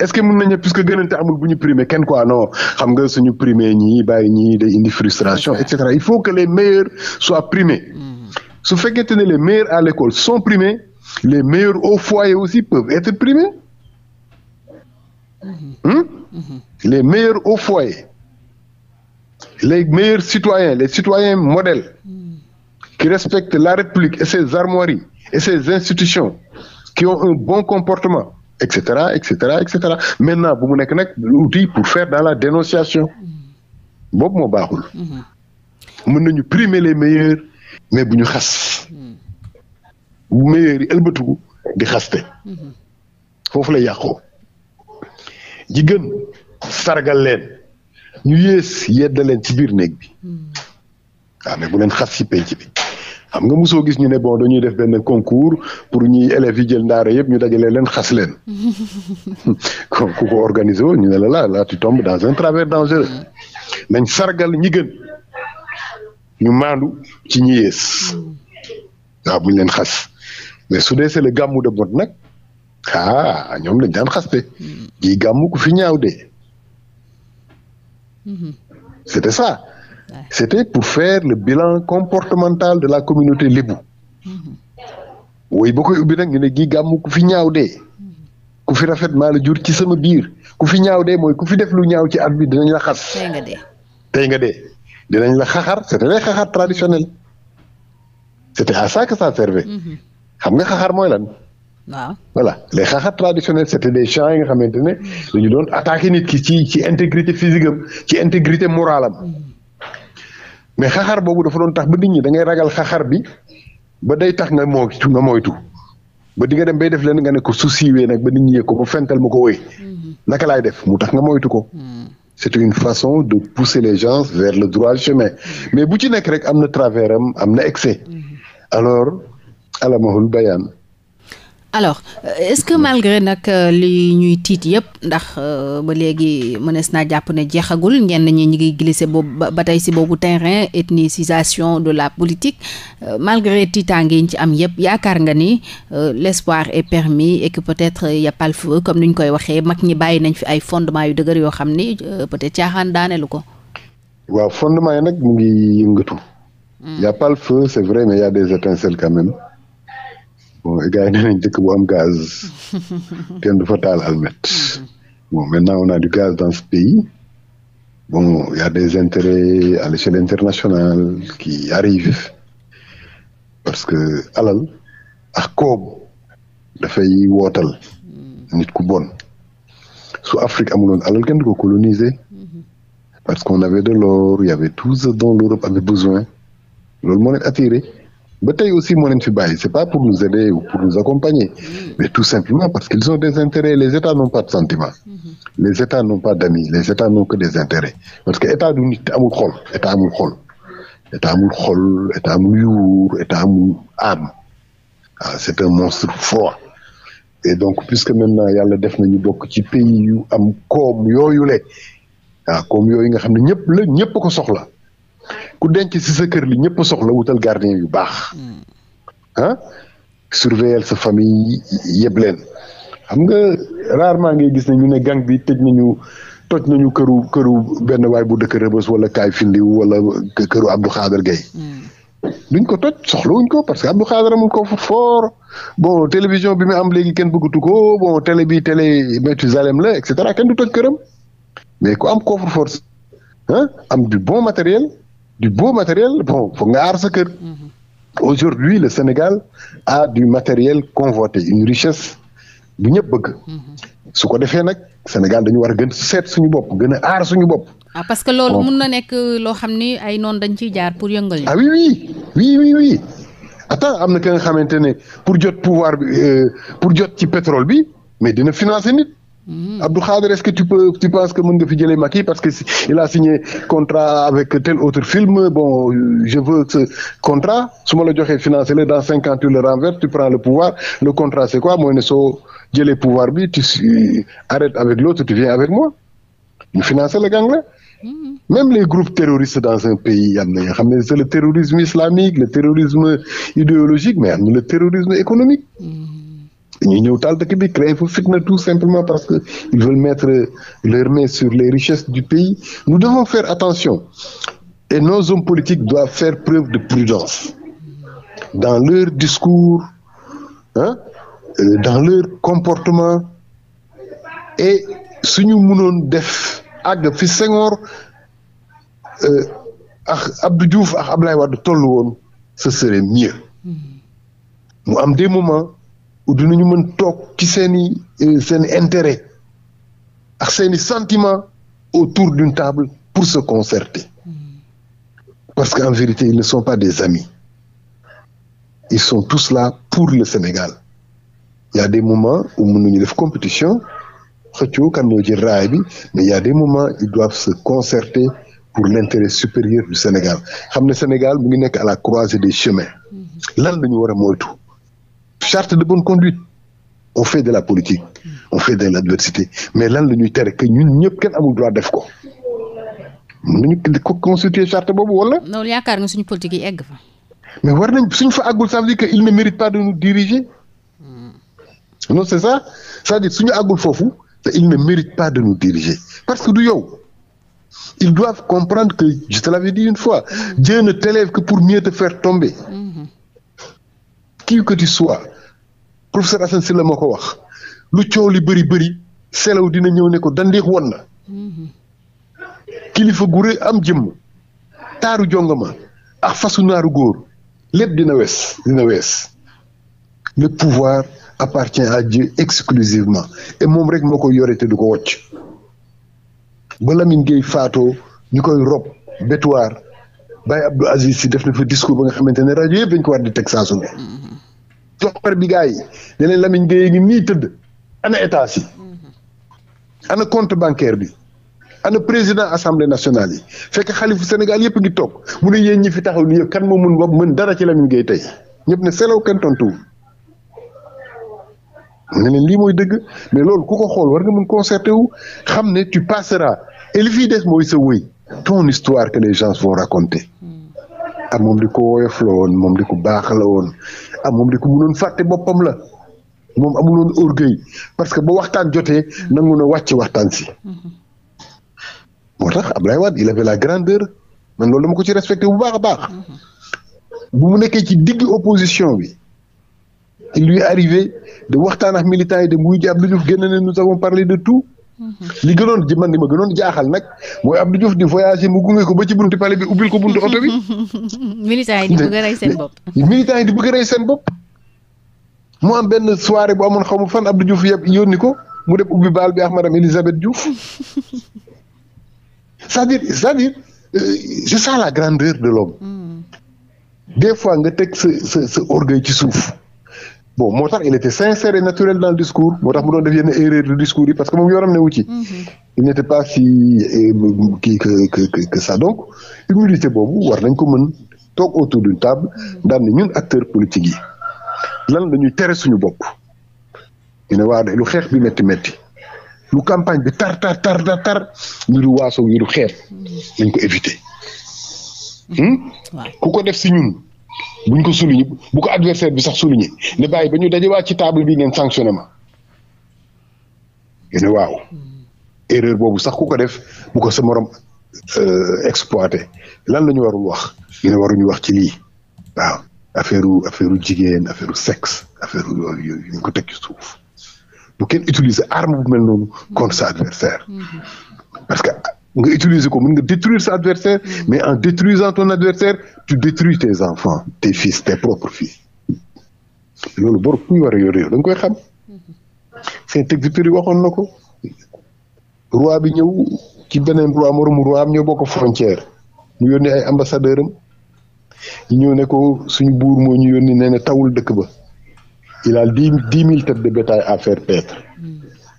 Speaker 2: est-ce que mën nañu puisque gënante amul bu ñu primé kenn quoi non xam nga suñu primé ñii bàyyi ñii day indi frustration et cetera il faut que les meilleurs soient primés mm. su fekkente ne les meilleurs à l'école sont primés les meilleurs au foyer aussi peuvent être primés mm-hmm. hmm? Mm-hmm. les meilleurs au foyer les meilleurs citoyens les citoyens modèles mm. qui respectent la République et ses armoiries et ses institutions qui ont un bon comportement et cetera et cetera et bu mu nekk nag outil pour faire dans la dénonciation boobu moo baaxul. Mhm. mën nañu primer les meilleurs mais bu ñu xas. Mhm. bu meilleurs yi di xaste. Mhm. foofu la yàqoo. ji sargal leen. ñu yées yedda leen ci biir néeg bi. waaw ah, mais bu leen xas ci penc bi. xam nga mosoo gis ñu ne bon dañuy def benn concours pour ñuy élèves yi jël ndaare yëpp ñu dajale leen xas leen ku ko organiser ñu ne la la là tu tombes dans un travers dangereux nañ sargal ñi ñu maandu ci ñi yées waaw buñ leen xas mais su dee c'est le gàmmu de mot nag ah ñoom lañ daan xaste ji mm. gàmmu ku fi ñaaw de mm-hmm. c'était ça Ouais. C'était pour faire le bilan comportemental de la communauté lébu. woy ba koy ubbi nag ñu ne gi gàmm ku fi ñaaw de ku fi rafet maa la jur ci sama biir ku fi ñaaw de mooy ku fi def lu ñaaw ci at bi dinañ la xas. tey nga de tey dinañ la xaxar c'était les xaxar traditionnel c'était à ça que ça servait. Mhm. xam nga xaxaar mooy lan. waaw voilà les xaxar traditionnels c'était des chants yi nga xamante ne mhm. dañu doon attaquer ki ci ci intégrité physique am ci intégrité morale am. Mhm. mais xaxar boobu dafa doon tax ba nit ñi dangay ragal ragal xaxar bi ba day tax nga moytu nga moytu ba di nga dem bay def leen nga ne ko su siiwee nag ba nit yee yëg ko ba fental ma ko koy mm-hmm. naka laay def mu tax nga moytu ko. Mm-hmm. c'est une façon de pousser les gens vers le droit chemin mm-hmm. mais bu ci nekk rek am na travers am am na excès alors alamahul bayaan
Speaker 1: alors euh, est-ce que malgré nag euh, li ñuy tiit yépp ndax euh, ba léegi mënees naa jàpp ne jeexagul ngeen ñi ñu ngi glissé boobu ba tey si boobu terrain ethnicisation de la politique malgré tiitaange yi ñu ci am yépp yaakaar nga ni l'espoir est permis et que peut-être y a feu comme ni ñu koy waxee mag ñi bàyyi nañ fi ay fondement yu dëgër yoo xam ni peut-être caaxaan daaneelu ko.
Speaker 2: waaw fondement yi nag mu ngi yëngatu. Hmm. y a feu c'est vrai mais y des étincelles bon gars yi nee nañ dëkk bu am gaz kenn du fa taal almet bon maintenant on a du gaz dans ce pays bon il des intérêts à l'échelle internationale qui arrivent parce que alal ak koob dafay wootal nit ku bon su Afrique amuloon alal kenn du ko coloniser mhm. parce qu'on avait de l'or il y avait tout ce l'Europe avait besoin loolu moo leen attiré ba tey aussi moo leen fi bàyyi c'est pas pour nous aider ou pour nous accompagner mais tout simplement parce qu'ils ont des intérêts les états n'ont pas de sentiments mm-hmm. les états n'ont pas d'amis les états n'ont que des intérêts parce que état du nit amul xol état amul xol état amul xol état amul yuur état amul âme ah c'est un monstre froid et donc puisque maintenant yàlla def nañu bokk ci pays yu am koom yooyu le ah koom yooyu nga xam ne ñëpp la ñëpp ko soxla ku denc si sa kër li ñëpp soxla wutal gardien yu baax hmm. ah surveiller sa famille yëpp leen xam nga rarement ngi gis ne ñu ne gang bi tëj nañu toj nañu këru këru benn waay bu dëkk Rebeuss wala kaay findiw wala këru Abdou Khader Gueye hmm. duñ ko toj soxla soxlawuñ ko parce que Abdou Khader amul ko fort bon télévision bi mu am léegi kenn bëggatu ko bon télé bi télé Mathusalem la et cetera kenn du toj këram mais ku am coffre-fort am du bon matériel du beau matériel bon faut nga aar sa kër. aujourd'hui le Sénégal a du matériel convoité une richesse bu ñëpp bëgg. su ko defee nag Sénégal dañu war a gën seet suñu bopp gën a aar suñu bopp.
Speaker 1: ah parce que loolu mun na nekk loo xam ni ay noonu dañ ciy jaar pour yëngal. ah
Speaker 2: oui oui oui oui oui am na ka nga xamante ne pour jot pouvoir bi euh, pour jot ci pétrole bi mais dina financer nit. Hmm. Abdou Khader est-ce que tu penses que mën nga fi jëlee Macky parce que il a signé contrat avec tel autre film bon je veux ce contrat su ma la joxee financé la dans cinq ans tu le renverses tu prends le pouvoir le contrat c'est quoi mooy ne soo jëlee pouvoir bi tu arrêtes avec l'autre tu viens avec moi ñu financer le gang la hmm. les groupes terroristes dans un pays am xam ne c'est le terrorisme islamique le terrorisme idéologique mais am na le terrorisme économique. Hmm. dañuy ñëw taal dëkk bi créer fa fitna tout simplement parce que ils veulent mettre leur main sur les richesses du pays nous devons faire attention et nos hommes politiques doivent faire preuve de prudence dans leur discours hein euh, dans leur comportement et suñu mënoon def àgg fi Senghor euh, ak Abdou Diouf ak Abdoulaye Wade ce serait mieux mm-hmm. ou dinañu mën toog ci seen i euh, seen intérêt ak seeni i sentiment autour d'une table pour se concerter hmm. parce qu'en vérité ils ne sont pas des amis ils sont tous là pour le Sénégal il y a des moments où mënuñu def compétition xëccoo kan moo jël raay bi mais il y a des moments ils doivent se concerter pour l'intérêt supérieur du Sénégal xam ne Sénégal mu ngi nekk à la croisée des chemins hmm. lan la ñu war a moytu charte de bonne conduite au fait de la politique on fait de l'adversité mais lan la ñuy tere que ñun ñëpp kenn amul droit def ko nu ñu ko constituer charte boobu wala.
Speaker 1: loolu yaakaar nga suñu politique yi egg fa.
Speaker 2: mais war nañ suñ fa àggul ça veut dire que il ne mérite pas de nous diriger hmm. non c'est ça c'est-à-dire suñu àggul foofu te il ne mérite pas de nous diriger parce que du yow ils doivent comprendre que je te l'avais une fois hmm. Dieu ne que pour mieux te faire tomber. Hmm. qui que tu sois professeur Assane moo ko wax lu coow li bëri bëri selaw dina ñëw ne ko dandeex woon na kilifa gu rëy am jëmm taaru jongama ak fasu naaru góor lépp dina wees dina wees le pouvoir appartient à exclusivement et moom rek moo koy yore te du ko wocc ba Lamine Gueye faatoo ñu koy rob bétuwaar Baye Abdou Aziz si def na fa discours ba nga xamante ne rajo yëpp dañ ko war di teg saa jox par bi gars yi ne leen Lamine Gueye ngi nii tëdd ana état si mhm. ana compte bancaire bi ana président assemblée nationale yi fekk xalifu Sénégal yëpp ngi toog mu ne yéen ñi fi taxaw ni yëpp kan moo mun bopp mën dara ci Lamine Gueye tey ñëpp ne selaw kenn tontuwul ne leen lii mooy dëgg mais loolu ku ko xool war nga mun concerté wu xam ne tu passeras et des mooy sa wëy ton histoire que les gens vont raconter. Mhm. ah moom di ko woyof la woon moom di ko baax la woon ah moom di ko mënoon fàtte boppam la moom amuloon orgueil parce que ba waxtaan jotee nangu na wàcc waxtaan si. moo tax Ablaye Wade il avait la grandeur man loolu dama ko ci respecté bu baax a baax. bu mu nekkee ci digg opposition bi. il lui arrivé de waxtaan ak militants yi de muy jàpp lu ñu génn ne nous avons parlé de tout. Mm-hmm. li gënoon ji man li ma gënoon jaaxal nag mooy Abdou Diouf di voyager mu gunge ko ba ci buntu palais bi ubbil ko buntu oto bi.
Speaker 1: militants yi di bëgg a rey seen bopp.
Speaker 2: militants yi di bëgg a seen bopp. mu am benn soirée bu amoon xaw ma fan Abdou Diouf yëpp yónni ko mu dem ubbi baal bi ak madame Elisabeth Diouf c'est-à-dire c'est-à-dire c'est euh, ça la grandeur de l'homme mm. des fois nga teg sa sa sa orgueil ci suuf. bon moo tax il était sincère et naturel dans le discours moo tax mu doon def yenn erreur de discours yi parce que moom yoonam ne wu ci. Mhm. il n'était pas eh, kii que que que donc humilité boobu war nañ ko mën toog autour d'une table mhm. daan ne ñun acteurs politiques yi lan la teree suñu bopp. ñu ne waa lu xeex bi métti métti lu campagne bi tar tar tar tar tar ñu waaso yilu du xeex mhm. nañ ko éviter. Hmm? ku ko def si ñun. bu buñ ko souligné bu ko adversaire bi sax souligné ne bàyyi ba ñu dajewaat ci table bi ngeen sanctionné ma gene waaw hmm. erreur boobu sax ku ko def bu ko sa morom euh, exploité lan la ñu warul wax gene waruñu wax ci lii waaw affaire affaire jigéen affaire sexe affaire yooyu ñu ko teg ci suuf bu kenn utiliser arme bu mel noonu contre sa adversaire hmm. parce que nga utiliser ko mën nga détruire sa adversaire mm. mais en détruisant ton adversaire tu détruis tes enfants tes fils tes propres fils loolu bor ku ñu war a yor yow da nga koy xam mm-hmm. Saint-Exupéry waxoon na ko roi bi ñëw ci beneen roi moromu roi am ñoo bokk frontière mu yónni ay ambassadeur am ñu ñëw ne ko suñu buur moo ñu yónni nee na tawul dëkk ba il a dix dix mille têtes de bétail à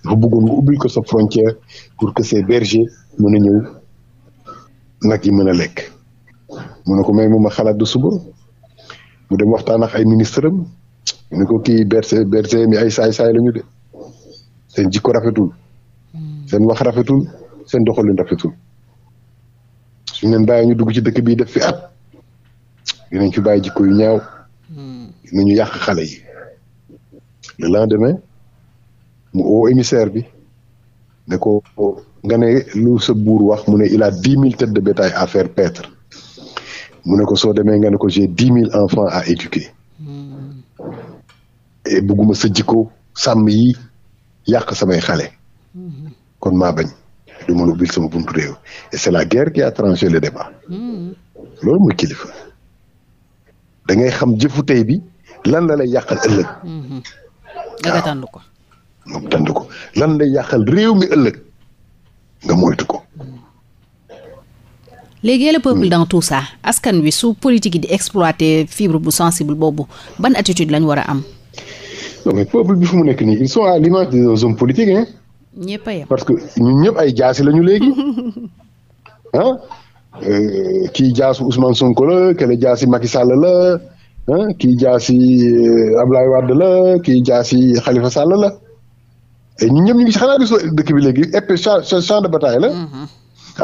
Speaker 2: dafa bëggoon nga ubbil ko sa frontière pour que ces bergers mën a ñëw nag yi mën a lekk mu ne ko may moom a xalaat du suba mu dem waxtaan ay ministre am mu ne ko ki berger berger mi ay saay-saay la ñu de seen jikko rafetul hmm. seen wax rafetul seen doxalin rafetul suñ leen bàyyi ñu dugg ci dëkk bi def fi at dinañ fi bàyyi jikko yu ñaaw hmm. ñu yàq xale yi le lendemain mu o émissaire bi ne ko nga ne lu sa buur wax mu ne il a dix mille têtes de affaire à mu ne ko soo demee nga ne ko j'ai dix mille enfants à éduquer hmm. et bëgguma sa jikko sàmm yi yàq samay xale hmm. kon maa bañ du ma ubbil sama buntu réew et c'est la guerre qui a tranché le débat hmm. loolu mooy kilifa da xam jëfu tey bi lan la lay yàqal ëllëg. moom tànd ko lan lay yàqal réew mi ëllëg nga moytu ko.
Speaker 1: léegi le peuple hmm. dans tout ça askan wi su politique yi di exploiter fibre bu sensible boobu ban attitude lañ war a am.
Speaker 2: non mais bi fu mu nekk nii ils sont à l'image des hommes politiques hein. ñëpp parce que ñun ñëpp ay jaasi lañu léegi ah. kii jaasu Ousmane Sonko la kele jaasi Macky Sall la kii jaasi euh, Ablaye Wade la kii jaasi Khalifa Sall la. et ñun ñëpp ñu ngi si xanaa gisoo dëkk bi léegi épée champ de bataille la. Mm-hmm.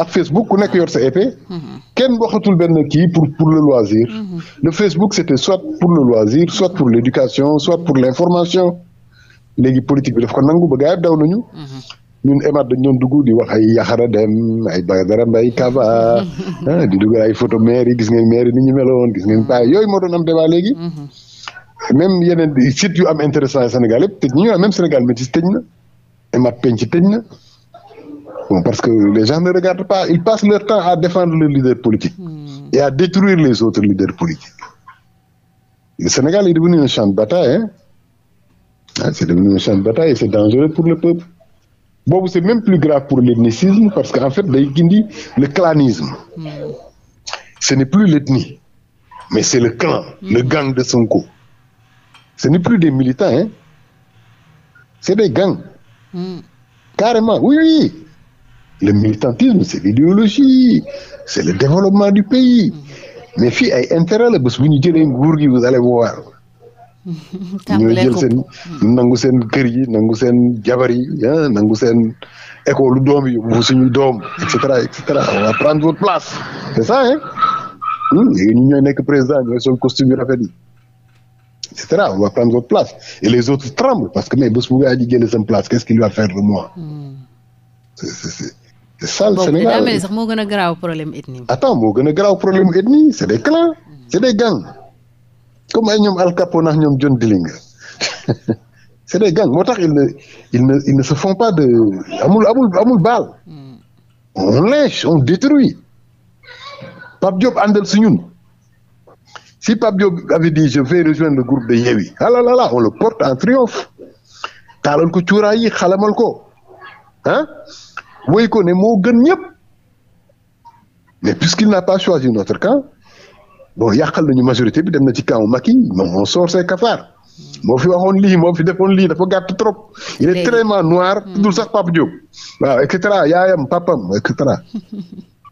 Speaker 2: ak Facebook ku nekk yor sa épée. Mm-hmm. kenn waxatul benn kii pour pour le loisir. Mm-hmm. le Facebook c'était soit pour le loisir soit pour l'éducation soit pour l'information léegi politique bi daf ko nangu ba gars daw nañu. ñun Emad dañ doon dugg di wax ay Yaxara Dem ay Badara Mbaye Kaba ah, di dugg ay photo yi gis ngeen maire yi ni ñu meloon gis ngeen paa yooyu moo am débat léegi. même yeneen sites yu am intéressant Sénégal yëpp tëj ñu même Sénégal métis tëj et ma penc na parce que les gens ne regardent pas ils passent leur temps à défendre le leader politique hmm. et à détruire les autres leaders politiques le Sénégal est devenu un champ de bataille hein ah c'est devenu un champ de bataille dangereux pour le peuple boobu c'est même plus grave pour l'ethnicisme parce que en fait day gindi le clanisme hmm. ce n'est plus l'ethnie mais c'est le clan hmm. le gang de Sonko ce n'est des militants hein c'est des gangs Carrément, oui, oui. Le militantisme, c'est l'idéologie, c'est le développement du pays. mais fi ay intérêt la bés bu ñu jëlee nguur gi vous allez voir.
Speaker 3: ñoo jël seen
Speaker 2: hmm. nangu seen kër yi nangu seen jabar yi ah, nangu seen école doom yi yóbbu suñu doom et cetera et cetera on va prendre votre place c'est ça hein léegi hmm, ñu ñooy nekk président ñooy sol costume yu rafet yi. et cetera. On va prendre parce que, mais Boussouga a dit génne sa place, qu'est-ce qu'il va faire de moi hmm. C'est Sénégal. sax
Speaker 1: moo gën a garaaw problème
Speaker 2: ethnie. attends moo gën a garaaw problème ethnie c' est des clans. c' est comme ay ñoom Al Capone nax ñoom John Dillinger c' est des moo tax ils ne se font pas de amul amul amul baal. Hmm. on lèche on détruit Pape Diop àndal si ñun. Si Pape Diop avait dit je vais rejoindre le groupe de Yewwi alalala ah on le porte en triomphe taalal ko cuuraay yi xalamal ko ah woy ko ne moo gën ñëpp mais puisqu'il n'a pas choisi notre camp bon yàqal nañu majorité bi dem na ci camp Macky moom on sort moo fi waxoon lii moo fi defoon lii dafa gàtt trop. il est tellement noir. Hmm. tuddul sax Pape Diop. waaw et yaayam papam et cetera.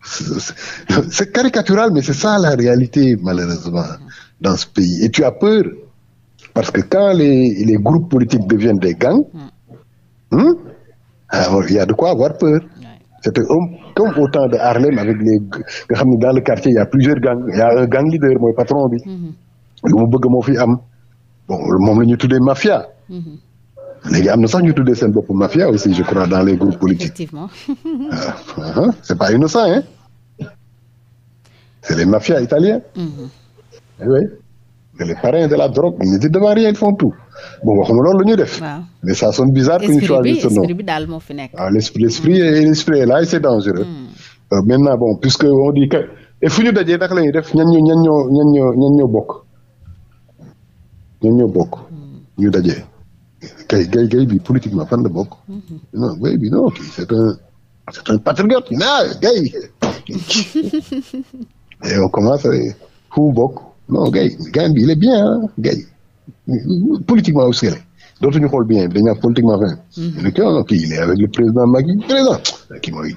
Speaker 2: c'est caricatural mais c'est ça la réalité malheureusement. dans ce pays. Et tu as peur. Parce que quand les, les groupes politiques deviennent des gangs, mm. il y a de quoi avoir peur. C'était comme au temps de Harlem avec les nga quartier il y a a un gang leader mooy patron bi. Mm-hmm. lu mu bëgg moo fi am bon moom la ñu tuddee mafia. Mm-hmm. léegi am na sax ñu tuddee seen bopp mafia aussi je crois dans les groupes politiques. Ah, ah, ah, c'est pas innocent hein c'est les mafias italiens. Mm-hmm. oui mais les de la drogue ñu di devant rien ils font tout bon loolu la ñuy def. waaw mais ça sonne bizarre. que ñu choisir ce nom esprit e daal moo fi ah, mm. mm. euh, bon puisque on dit que fu ñu dajee naka la ñuy def ñan ñoo ñan ñoo ñan ñoo ñan ñoo bokk ñan ñoo bokk. Mm. ñu dajee kay gay gay bi politiquement fan la bokk. gay mm-hmm. bi non c' est un c' est un patriote. non gay. et on commence fu bokk. non Guèye Guèye bi il bien ah Guèye politiquement aussi la dootuñu xool bien dañu naan politiquement fin. Mm-hmm. le cas kii il est avec le président Macky président kii mooy.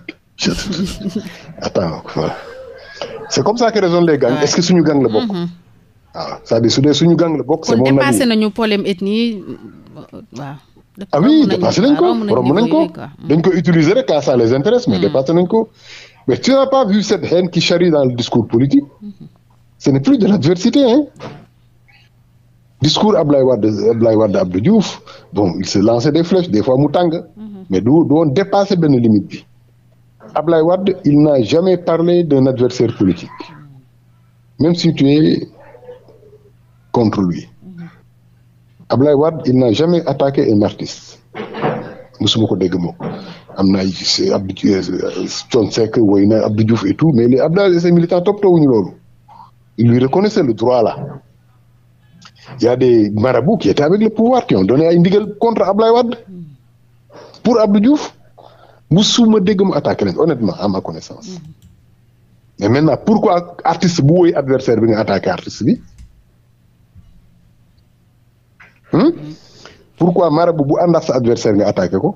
Speaker 2: attends voilà c' est comme ça que raisonnent les gangs est ce que la bokk. waaw mm-hmm. ah, cest su dee suñu gang la bokk. c' est mon ami dépassé
Speaker 1: nañu problème ethnie
Speaker 2: waaw. ah oui dépassé nañ ko romb nañ ko mm-hmm. dañ utiliser rek quand les intéresse mais dépassé nañ ko mais tu n'as pas vu cette haine qui charrie dans le discours politique. ce n'est plus de l'adversité hein discours Ablaye Wade Ablaye Wade Abdou Diouf bon il se lancé des flèches des fois mu tàng mhm. mais du doon dépassé benn limite bi Ablaye Wade il n'a jamais parlé d'un adversaire politique même si tu es contre lui mhm. Ablaye Wade il n'a jamais attaqué un artiste musuma ko dégg moom am na ay Abdou Coon euh, Seck woy na Abdou Diouf et tout mais les Ablaye ses militants toppatoo wuñu loolu Ils lui reconnaissaient le droit là. Il y bu des marabouts qui étaient avec le pouvoir, qui ont donné ay ndigal contre Ablaye Wade. Pour Abdou Diouf musuma dégg mu attaqué leen honnêtement à ma connaissance. mais maintenant pourquoi artiste bu woy adversaire bi nga attaqué artiste bi. Hmm? pourquoi marabu bu ànd ak sa adversaire nga attaqué ko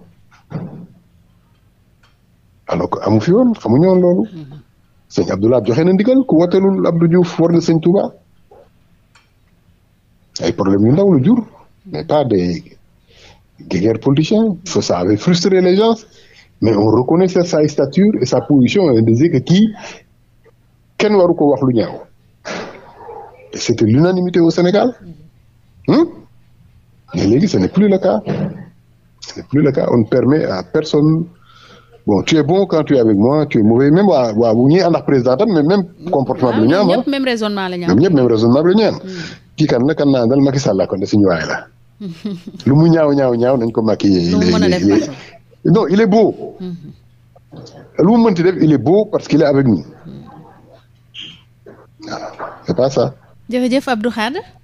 Speaker 2: alors amu fi woon xamuñu loolu. sëñ Abdoulaye joxe na ndigal ku woteelul Abdou Diouf war na sëñ problème yu ndaw la jur mais pas des guerres politiciens ça avait frustré les gens mais on reconnaissait sa stature et sa position et on disait que kii waru ko wax lu ñaaw c'était l'unanimité au Sénégal hum mais léegi ce n'est plus le cas ce n'est plus le cas on permet à personne bon tu es bon quand tu es avec moi tu es mauvais même waa waa bu ñuy ànd ak président tam mais même ah, comportement bi la ñu am
Speaker 1: ah. raisonnement la ñu
Speaker 2: hmm. kii kan la kan naa dal Macky Sall kon de suñu waay la lu mu ñaaw ñaaw ñaaw nañ ko Macky non il est beau hmm. lu mu mënti def il est beau parce qu'il est avec nous waaw hmm. c'est pas ça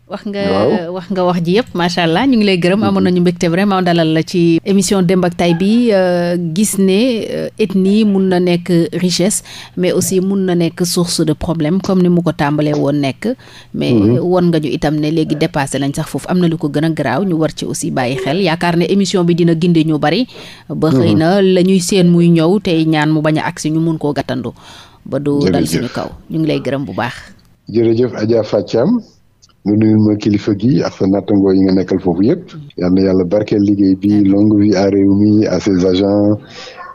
Speaker 1: wax nga wax nga wax ji yëpp macha allah ñu ngi lay gërëm amoon nañu mbégte vraiment dalal la ci émission démb ak tay bi euh, gis ne euh, ethnie mun na nekk richesse mais aussi mun na nekk source de problème comme ni mu ko tàmbalee woon nekk mais mhm. won nga ñu itam ne léegi dépassé lañ sax foofu am na lu ko gën a garaaw ñu war ci aussi bàyyi xel yaakaar ne émission bi dina ginde ñu bari ba xëy mhm. na la ñuy seen muy ñëw tey ñaan mu bañ a agsi ñu mun koo gàttandu ba du dal kaw ñu ngi lay gërëm bu baax
Speaker 2: jërëjëf Adja nga nuyul ma kilifa gi ak sa nattangoo yi nga nekkal foofu yëpp yal na yàlla barkeel liggéey bi longue vie à Rewmi à ses agents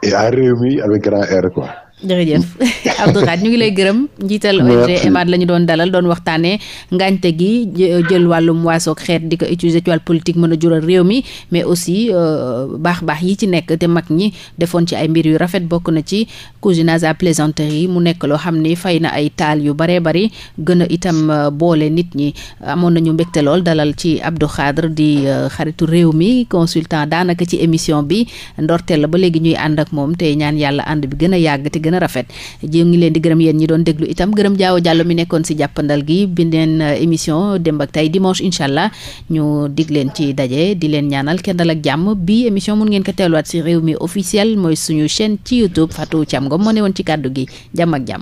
Speaker 2: et à Rewmi avec grand R quoi
Speaker 1: jërëjëf Abdou Khadre ñu ngi lay gërëm njiital la ñu doon dalal doon waxtaanee ngaañte gi jël wàllum waasoog xeet di ko utiliser ci politique mën a jural réew mi mais aussi euh, baax baax yi ci nekk te mag ñi defoon ci ay mbir yu rafet bokk na ci cousinage à plaisanterie mu nekk loo xam ni fay na ay taal yu baree bari gën a itam euh, boole nit ñi amoon nañu mbégte lool dalal ci Abdou Khadre di euh, xaritu réew mi consultant daanaka ci émission bi ndorteel la ba léegi ñuy ànd ak moom tey ñaan yàlla ànd bi gën a yàgg te gën a rafet ji ngi leen di gërëm yéen ñi doon déglu itam gërëm jaaw jàllo mi nekkoon si jàppandal gi bindeen euh, émission démb ak tey dimanche incha ñu dig ci daje di leen ñaanal kenn dal ak jàmm bi émission mun ngeen ko teeluwaat si réew mi officiel mooy suñu chaîne ci youtube Fatou Thiam Ngom moo ne woon ci kàddu gi jàmm ak jàmm